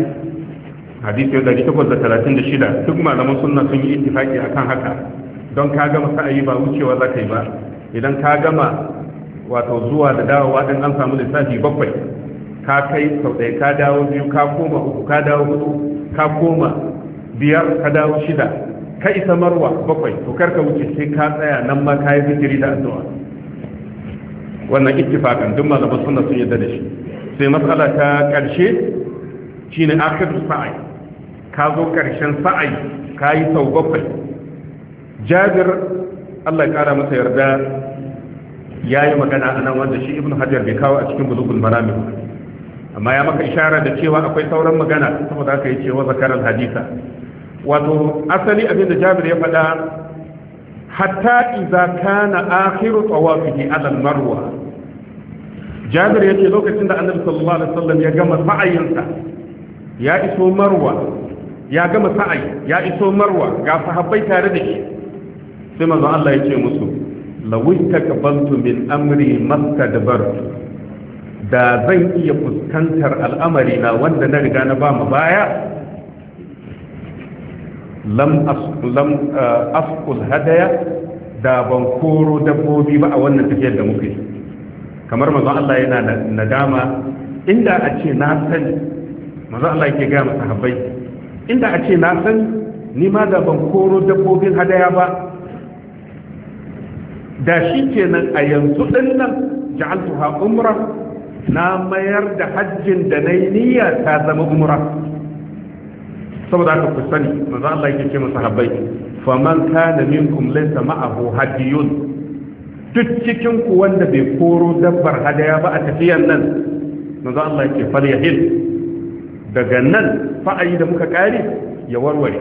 hadisi da shida duk malaman sunna sun yi ittifaki akan haka don ka gama sa'ayi ba wucewa za ka yi ba idan ka gama wato zuwa da dawowa din an samu lissafi bakwai ka kai sau ɗaya ka dawo biyu ka koma uku ka dawo hudu ka koma biyar ka dawo shida ka isa marwa bakwai to kar ka wuce sai ka tsaya nan ma ka yi fitiri da addu'a wannan ittifaqan duk malaman sunna sun yarda da shi sai matsala ta karshe shine akhiru sa'i ka zo ƙarshen sa'ai ka yi sau bakwai jabir allah ya ƙara masa yarda ya yi magana a nan wanda shi ibn hajar bai kawo a cikin bulugul marami amma ya maka ishara da cewa akwai sauran magana saboda aka yi cewa zakarar hadisa wato asali abinda jabir ya faɗa hatta iza kana akhiru tawafihi ala marwa jabir ce lokacin da annabi sallallahu alaihi wasallam ya gama sa'ayinsa ya iso marwa ya gama sa'ai ya iso marwa ga sahabbai tare da shi sai manzo Allah ya ce musu lawai taqabaltu min amri mastadbartu da zan iya fuskantar al'amari na wanda na riga na bama baya lam afkul eh, hadaya da ban koro dabbobi ba a wannan tafiyar da muke kamar mazan Allah yana nadama inda a ce na sani mazan Allah yake gaya masa inda a ce na san ni ma da ban koro dabbobin hadaya ba da shi kenan a yanzu ɗin nan ja'altuha umra na mayar da hajjin da na niyya ta zama umra saboda haka ku sani manzo Allah yake ce masahabbai faman kana minkum laysa ma'ahu hadiyun duk cikin ku wanda bai koro dabbar hadaya ba a tafiyan nan manzo Allah yake falyahil daga nan fa'ayi da muka ƙare ya warware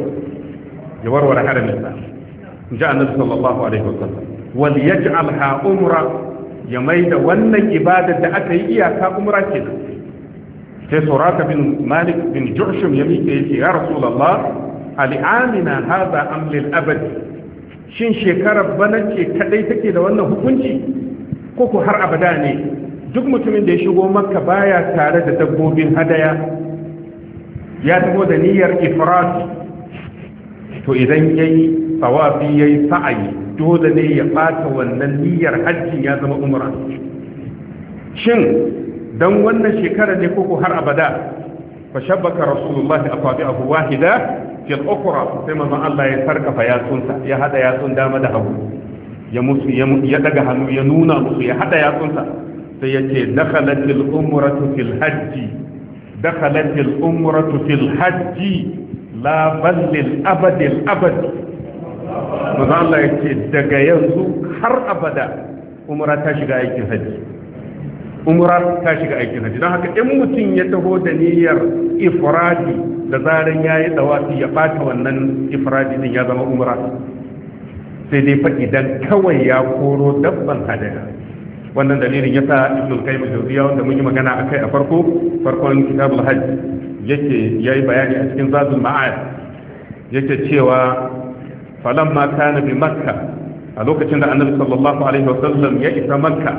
ya warware haramin sa ji annabi sallallahu alaihi wasallam wal yaj'al ha umra ya maida wannan ibadar da aka yi iyaka umra kenan sai suraka bin malik bin jushum ya miƙe yake ya rasulullah al'amina hadha am lil abad shin shekarar bana ce kadai take da wannan hukunci ko ko har abada ne duk mutumin da ya shigo makka baya tare da dabbobin hadaya ya taho da niyyar ifrat to idan yayi tawafi yayi sa'ayi dole ne ya bata wannan niyyar hajji ya zama umra shin dan wannan shekara ne koko har abada fa shabbaka rasulullahi asabi'ahu wahida fi al-ukhra sai mama, Allah ya sarkafa yatsunsa ya hada yatsun dama da hagu ya musu ya daga hannu ya nuna musu ya hada yatsunsa sai yace dakhalatil umratu fil hajji دخلت الأمرة في الحج لا بل للأبد الأبد maza daga yanzu har abada umra ta shiga aikin haji umra ta shiga aikin haji don haka in mutum ya taho da niyyar ifradi da zaran ya yi dawafi ya bata wannan ifradi din ya zama umra sai dai fa idan kawai ya koro dabban hadaya wannan dalilin yasa ibn al-qayyim al wanda mun yi magana akai a farko farkon kitabul hajj yake yayi bayani a cikin zadul ma'ad yake cewa falamma kana bi makka a lokacin da annabi sallallahu alaihi wasallam ya isa makka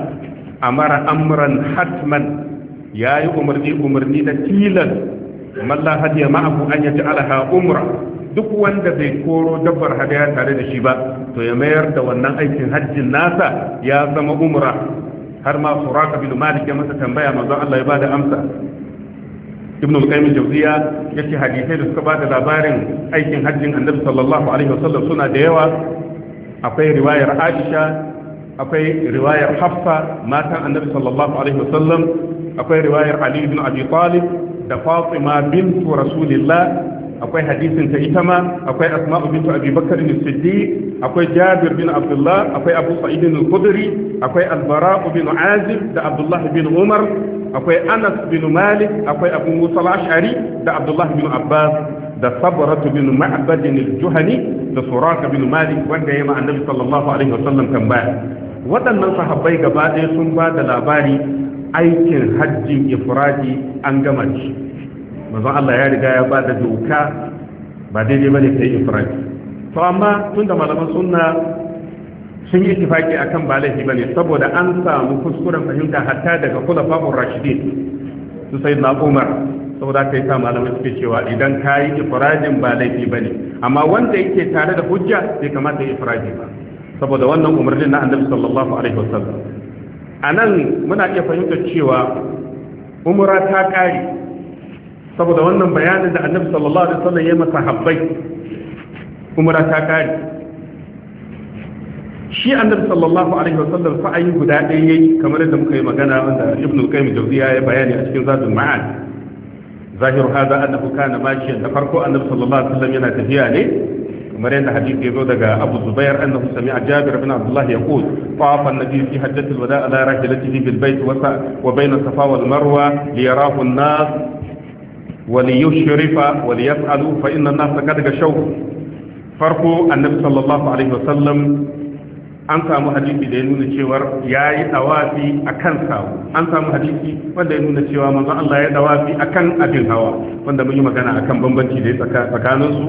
amara amran hatman yayi umarni umarni da tilan man la hadiya ma'ahu an yaj'alaha umra duk wanda bai koro dabbar hadaya tare da shi ba to ya mayar da wannan aikin hajjin nasa ya zama umra har ma suraka bin malik ya masa tambaya manzo Allah ya bada amsa ibn al-qayyim jawziya yace hadisai da suka bada labarin aikin hajjin annabi sallallahu alaihi wasallam suna da yawa akwai riwayar aisha akwai riwayar hafsa matan annabi sallallahu alaihi wasallam akwai riwayar ali ibn abi talib da fatima bintu rasulillah akwai hadisin ta ita ma akwai asma'u bintu abi bakar bin siddiq akwai jabir bin abdullah akwai abu sa'id bin khudri akwai albara bin azib da abdullah bin umar akwai anas bin malik akwai abu musa al-ash'ari da abdullah bin abbas da sabratu bin ma'bad al-juhani da suraka bin malik wanda yayi ma annabi sallallahu alaihi wasallam tambaya waɗannan sahabbai gaba ɗaya sun ba da labari aikin hajjin ifradi an gama shi manzon Allah ya riga ya bada doka ba daidai ne sai ifradi to amma tun da malaman sunna sun yi tifaki akan ba laifi bane saboda an samu kuskuren fahimta hatta daga khulafa'ur rashidin su na Umar saboda kai sa malamai suke cewa idan ka yi ifrajin ba laifi ba ne amma wanda yake tare da hujja bai kamata ya ifraji ba saboda wannan umarnin na annabi sallallahu alaihi wasallam a nan muna iya fahimtar cewa umra ta kare saboda wannan bayanin da annabi sallallahu alaihi wasallam ya masa habbai kuma da takari shi annabi sallallahu alaihi wasallam fa ayi guda ɗaya yayi kamar da muka yi magana wanda ibnu qayyim jawziya ya bayani a cikin zadul ma'ad zahir hada annahu kana mashiyan da farko annabi sallallahu alaihi wasallam yana tafiya ne kamar yadda hadisi ya zo daga abu zubair annahu sami'a jabir bin abdullah yaqul tawafa an-nabi fi hajjati al-wada' ala rahilatihi bil bayt wa bayna safa wal marwa li an-nas wali yushrifa wali yas'alu fa inna an-nas qad gashaw farko annabi sallallahu alaihi wasallam an samu hadisi da ya nuna cewar yayi dawafi akan sawu an samu hadisi wanda ya nuna cewa manzon Allah ya dawafi akan abin hawa wanda mun yi magana akan bambanci da tsakanin su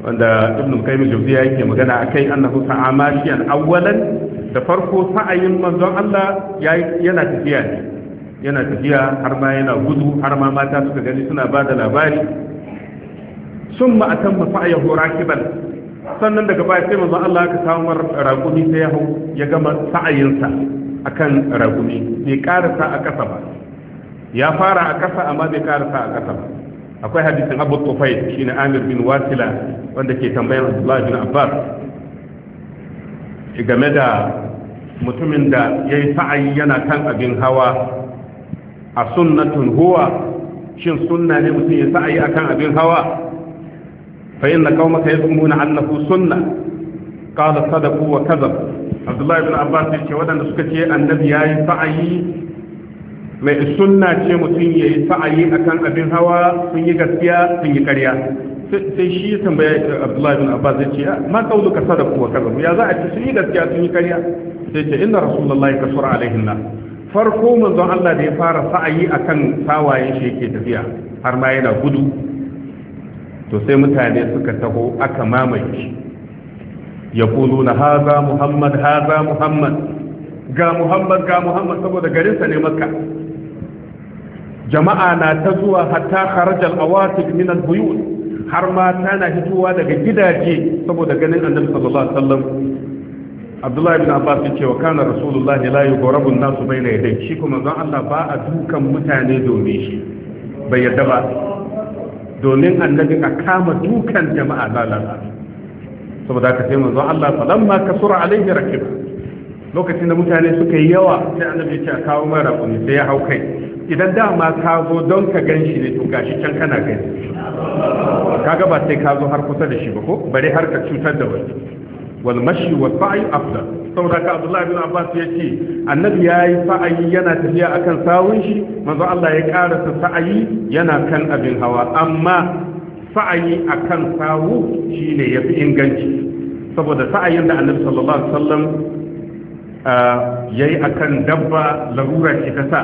wanda ibn qayyim jawziya yake magana akai annahu sa'amashiyan awwalan da farko sa'ayin manzon Allah yana tafiya ne yana tafiya har ma yana gudu har ma mata suka gani suna ba da labari sun ma'atan mafa ya hora kibal sannan daga baya sai manzo Allah ka samar raƙumi sai yahu ya gama sa'ayinsa akan raƙumi bai karasa a ƙasa ba ya fara a ƙasa amma bai karasa a ƙasa ba akwai hadisin Abu Tufayl shine Amir bin Wasila wanda ke tambayar Abdullah bin Abbas game da mutumin da ya yi sa'ayi yana kan abin hawa a sunnatun huwa shin sunna ne mutum ya sa'ayi akan abin hawa fa inna qaumaka yazumuna annahu sunna qala sadaqu wa kadhab abdullahi ibn abbas ya ce wadanda suka ce annabi yayi sa'ayi mai sunna ce mutum ya yi sa'ayi akan abin hawa sun yi gaskiya sun yi ƙarya sai shi ya tambaya abdullahi bin abbas ya ce ah, ma kauluka sadaku wa kaza ya za a ce sun yi gaskiya sun yi ƙarya sai ce inna rasulullahi kasura alaihin nas farko manzon Allah da ya fara sa'ayi akan tawayen shi yake tafiya har ma yana gudu to sai mutane suka taho aka mamaye shi ya kulu na haza muhammad haza muhammad ga muhammad ga muhammad saboda garinsa ne maka jama'a na ta zuwa hatta harajar awatib min al buyut har ma tana hituwa daga gidaje saboda ganin annabi sallallahu alaihi wasallam abdullahi bin abbas ya ce wa kana rasulullah la yughrabu an-nas bayna yadayhi shi kuma zan Allah ba a dukan mutane domin shi bai yadda ba domin annabi a kama dukan jama'a lalata saboda ka sai manzon Allah falamma kasura alaihi rakib lokacin da mutane suka yi yawa sai annabi ya ce a kawo mara kuni sai ya hau kai idan dama ka zo don ka gan shi ne to gashi can kana gani kaga ba sai ka zo har kusa da shi ba ko bare har ka cutar da wani wal mashi wa sa'i afdal saboda ka Abdullahi bin Abbas ya ce annabi yayi sa'ayi yana tafiya akan sawun shi manzo Allah ya karasa sa'ayi yana kan abin hawa amma sa'ayi akan sawu shine yafi inganci saboda sa'ayin da annabi sallallahu alaihi wasallam yayi akan dabba larura ce ta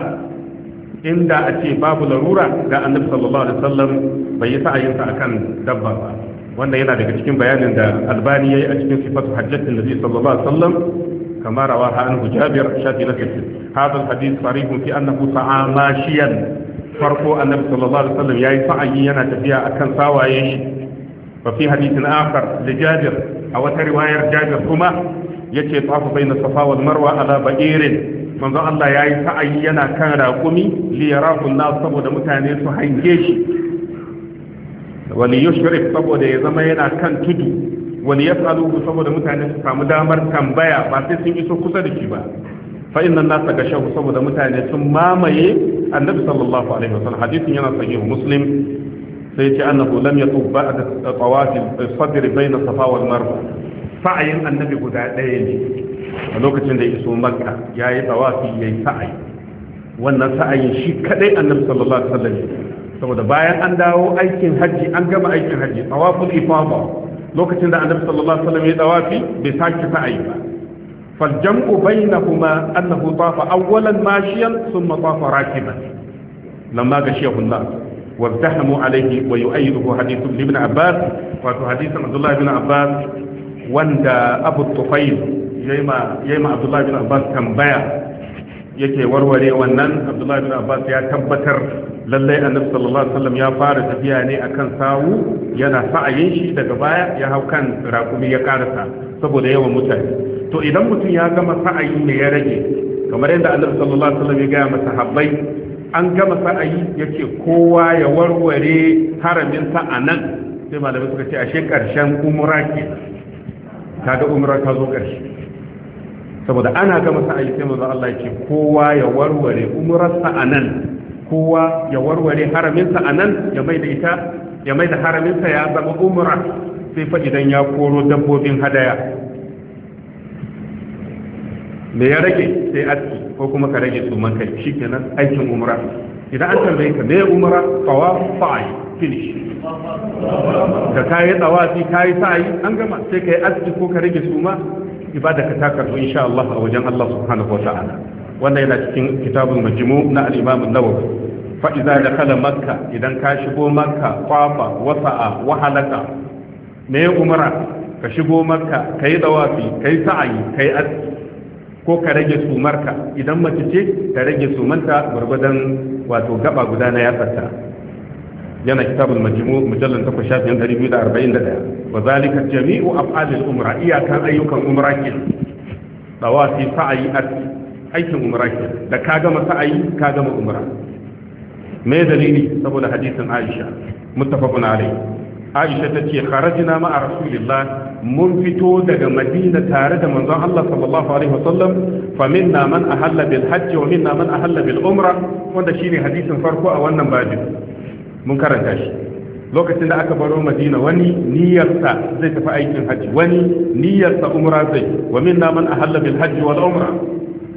inda a ce babu larura da annabi sallallahu alaihi wasallam bai yi sa'ayinsa akan dabba ba wannan yana daga cikin bayanin da albani yayi a cikin sifatu hajjatin nabi sallallahu alaihi wasallam كما رواه عنه جابر شافي نفسه هذا الحديث صريح في أنه سعى ماشيا فرقوا النبي صلى الله عليه وسلم يا سعي ينا تبيع أكن ساوى وفي حديث آخر لجابر أو رواية جابر ثم yace tafu bayna safa wal marwa ala ba'irin manzo Allah yayi sa'ayi yana kan raƙumi li yarahu an-nas saboda mutane su hange shi wani yushrif saboda ya zama yana kan tudu wani ya saluhu saboda mutane su samu damar tambaya ba sai sun iso kusa da shi ba fa inna nasa ga shahu saboda mutane sun mamaye annabi sallallahu alaihi wasallam hadisin yana sahih muslim sai ce annahu lam yatub ba'da tawaf al-sadr bayna safa wal marwa sa'ayin annabi guda ɗaya ne a lokacin da ya iso makka yayi tawafi yayi sa'ayi wannan sa'ayin shi kadai annabi sallallahu alaihi wasallam saboda bayan an dawo aikin hajji an gama aikin hajji tawaful ifada lokacin da annabi sallallahu alaihi wasallam ya tawafi bai sake sa'ayi ba fal jam'u bainahuma annahu tafa awwalan mashiyan thumma tafa rakiban lamma gashiyahu Allah وازدحموا عليه ويؤيده حديث ابن عباس واتو حديث عبد الله بن عباس وند ابو الطفيل يما يما عبد الله بن عباس كان بيع yake warware wannan abdullahi bin abbas ya tabbatar lallai annabi sallallahu alaihi wasallam ya fara tafiya ne akan sawu yana sa'ayin shi daga baya ya hau kan raƙumi ya karasa saboda yawan mutane to idan mutum ya gama sa'ayi ne ya rage kamar yadda annabi sallallahu alaihi wasallam ya gaya masa habbai an gama sa'ayi yake kowa ya warware haramin sa anan sai malamai suka ce ashe karshen umra ke kaga umra ta zo karshe saboda ana gama sa'ayi sai manzo Allah ce kowa ya warware umrarsa anan kowa ya warware haraminsa anan ya mai da ita ya mai da haraminsa ya zama umra sai fa idan ya koro dabbobin hadaya me ya rage sai aski ko kuma ka rage tsuman kai shikenan aikin umra idan an tambaye ka me umra fawa fa'i finish ka kayi tsawafi kayi sa'i an gama sai kai aski ko ka rage tsuma ibada ka ta karbu insha Allah a wajen Allah subhanahu wata'ala wanda yana cikin kitabul majmu na al-imam an-nawawi fa idza dakhala makka idan ka shigo makka qafa wasa'a wa halaka ne umara ka shigo makka kai dawafi kai sa'ayi kai ko ka rage sumarka idan mace ce ta rage sumanta gwargwadon wato gaba guda na yatsarta yana kitabul majmu mujallal 8 shafin 241 wa zalika jami'u af'alil umra iyakan ayyukan umra ke dawafi sa'ayi aikin umra ke da ka gama sa'ayi ka gama umra me dalili saboda hadisin Aisha muttafaqun alayhi Aisha ta tace kharajna ma'a rasulillah mun fito daga madina tare da manzon Allah sallallahu alaihi wasallam fa minna man ahalla bil hajji wa minna man ahalla bil umra wanda shine hadisin farko a wannan babin mun karanta shi lokacin da aka baro madina wani niyyarsa zai tafi aikin hajji wani niyyarsa umra zai wa min na man ahalla bil hajji wal umra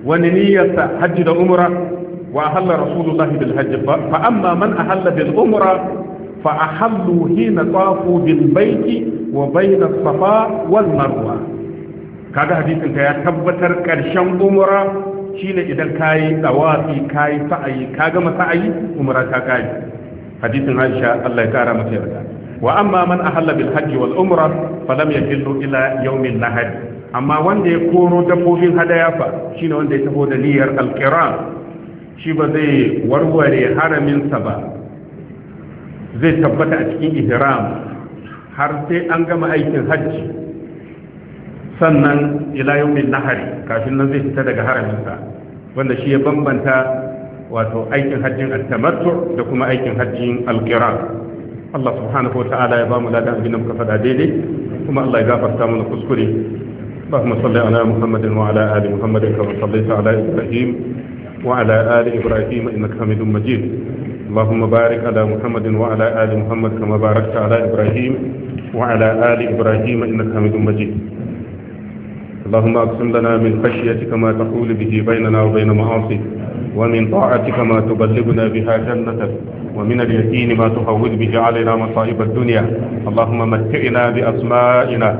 wani niyyarsa hajji da umra wa ahalla rasulullah bil hajji fa amma man ahalla bil umra fa ahallu hina tafu bil baiti wa bayna safa wal marwa kaga hadisin ta ya tabbatar karshen umra shine idan kayi tsawafi kayi sa'ayi ka gama sa'ayi umra ta kai hadisin Aisha Allah ya kara mata yarda wa amma man ahalla bil hajji wal umra falam yakillu ila yawmin nahar amma wanda ya koro dabbobin hadaya fa shine wanda ya taho da niyyar Al-Qiran. shi ba zai warware haramin sa ba zai tabbata a cikin ihram har sai an gama aikin hajji sannan ila yawmin nahari kafin nan zai fita daga haramin sa wanda shi ya bambanta wato aikin hajjin at-tamattu da kuma aikin hajjin al-qiran Allah subhanahu wa ta'ala ya bamu ladan abin da muka faɗa daidai kuma Allah ya gafarta mana kuskure اللهم صل على محمد وعلى ال محمد كما صليت على ابراهيم وعلى ال ابراهيم انك حميد مجيد اللهم بارك على محمد وعلى ال محمد كما باركت على ابراهيم وعلى ال ابراهيم انك حميد مجيد اللهم اقسم لنا من خشيتك ما تحول به بيننا وبين معاصيك ومن طاعتك ما تبلغنا بها جنتك ومن اليقين ما تحول به علينا مصائب الدنيا اللهم متعنا بأسمائنا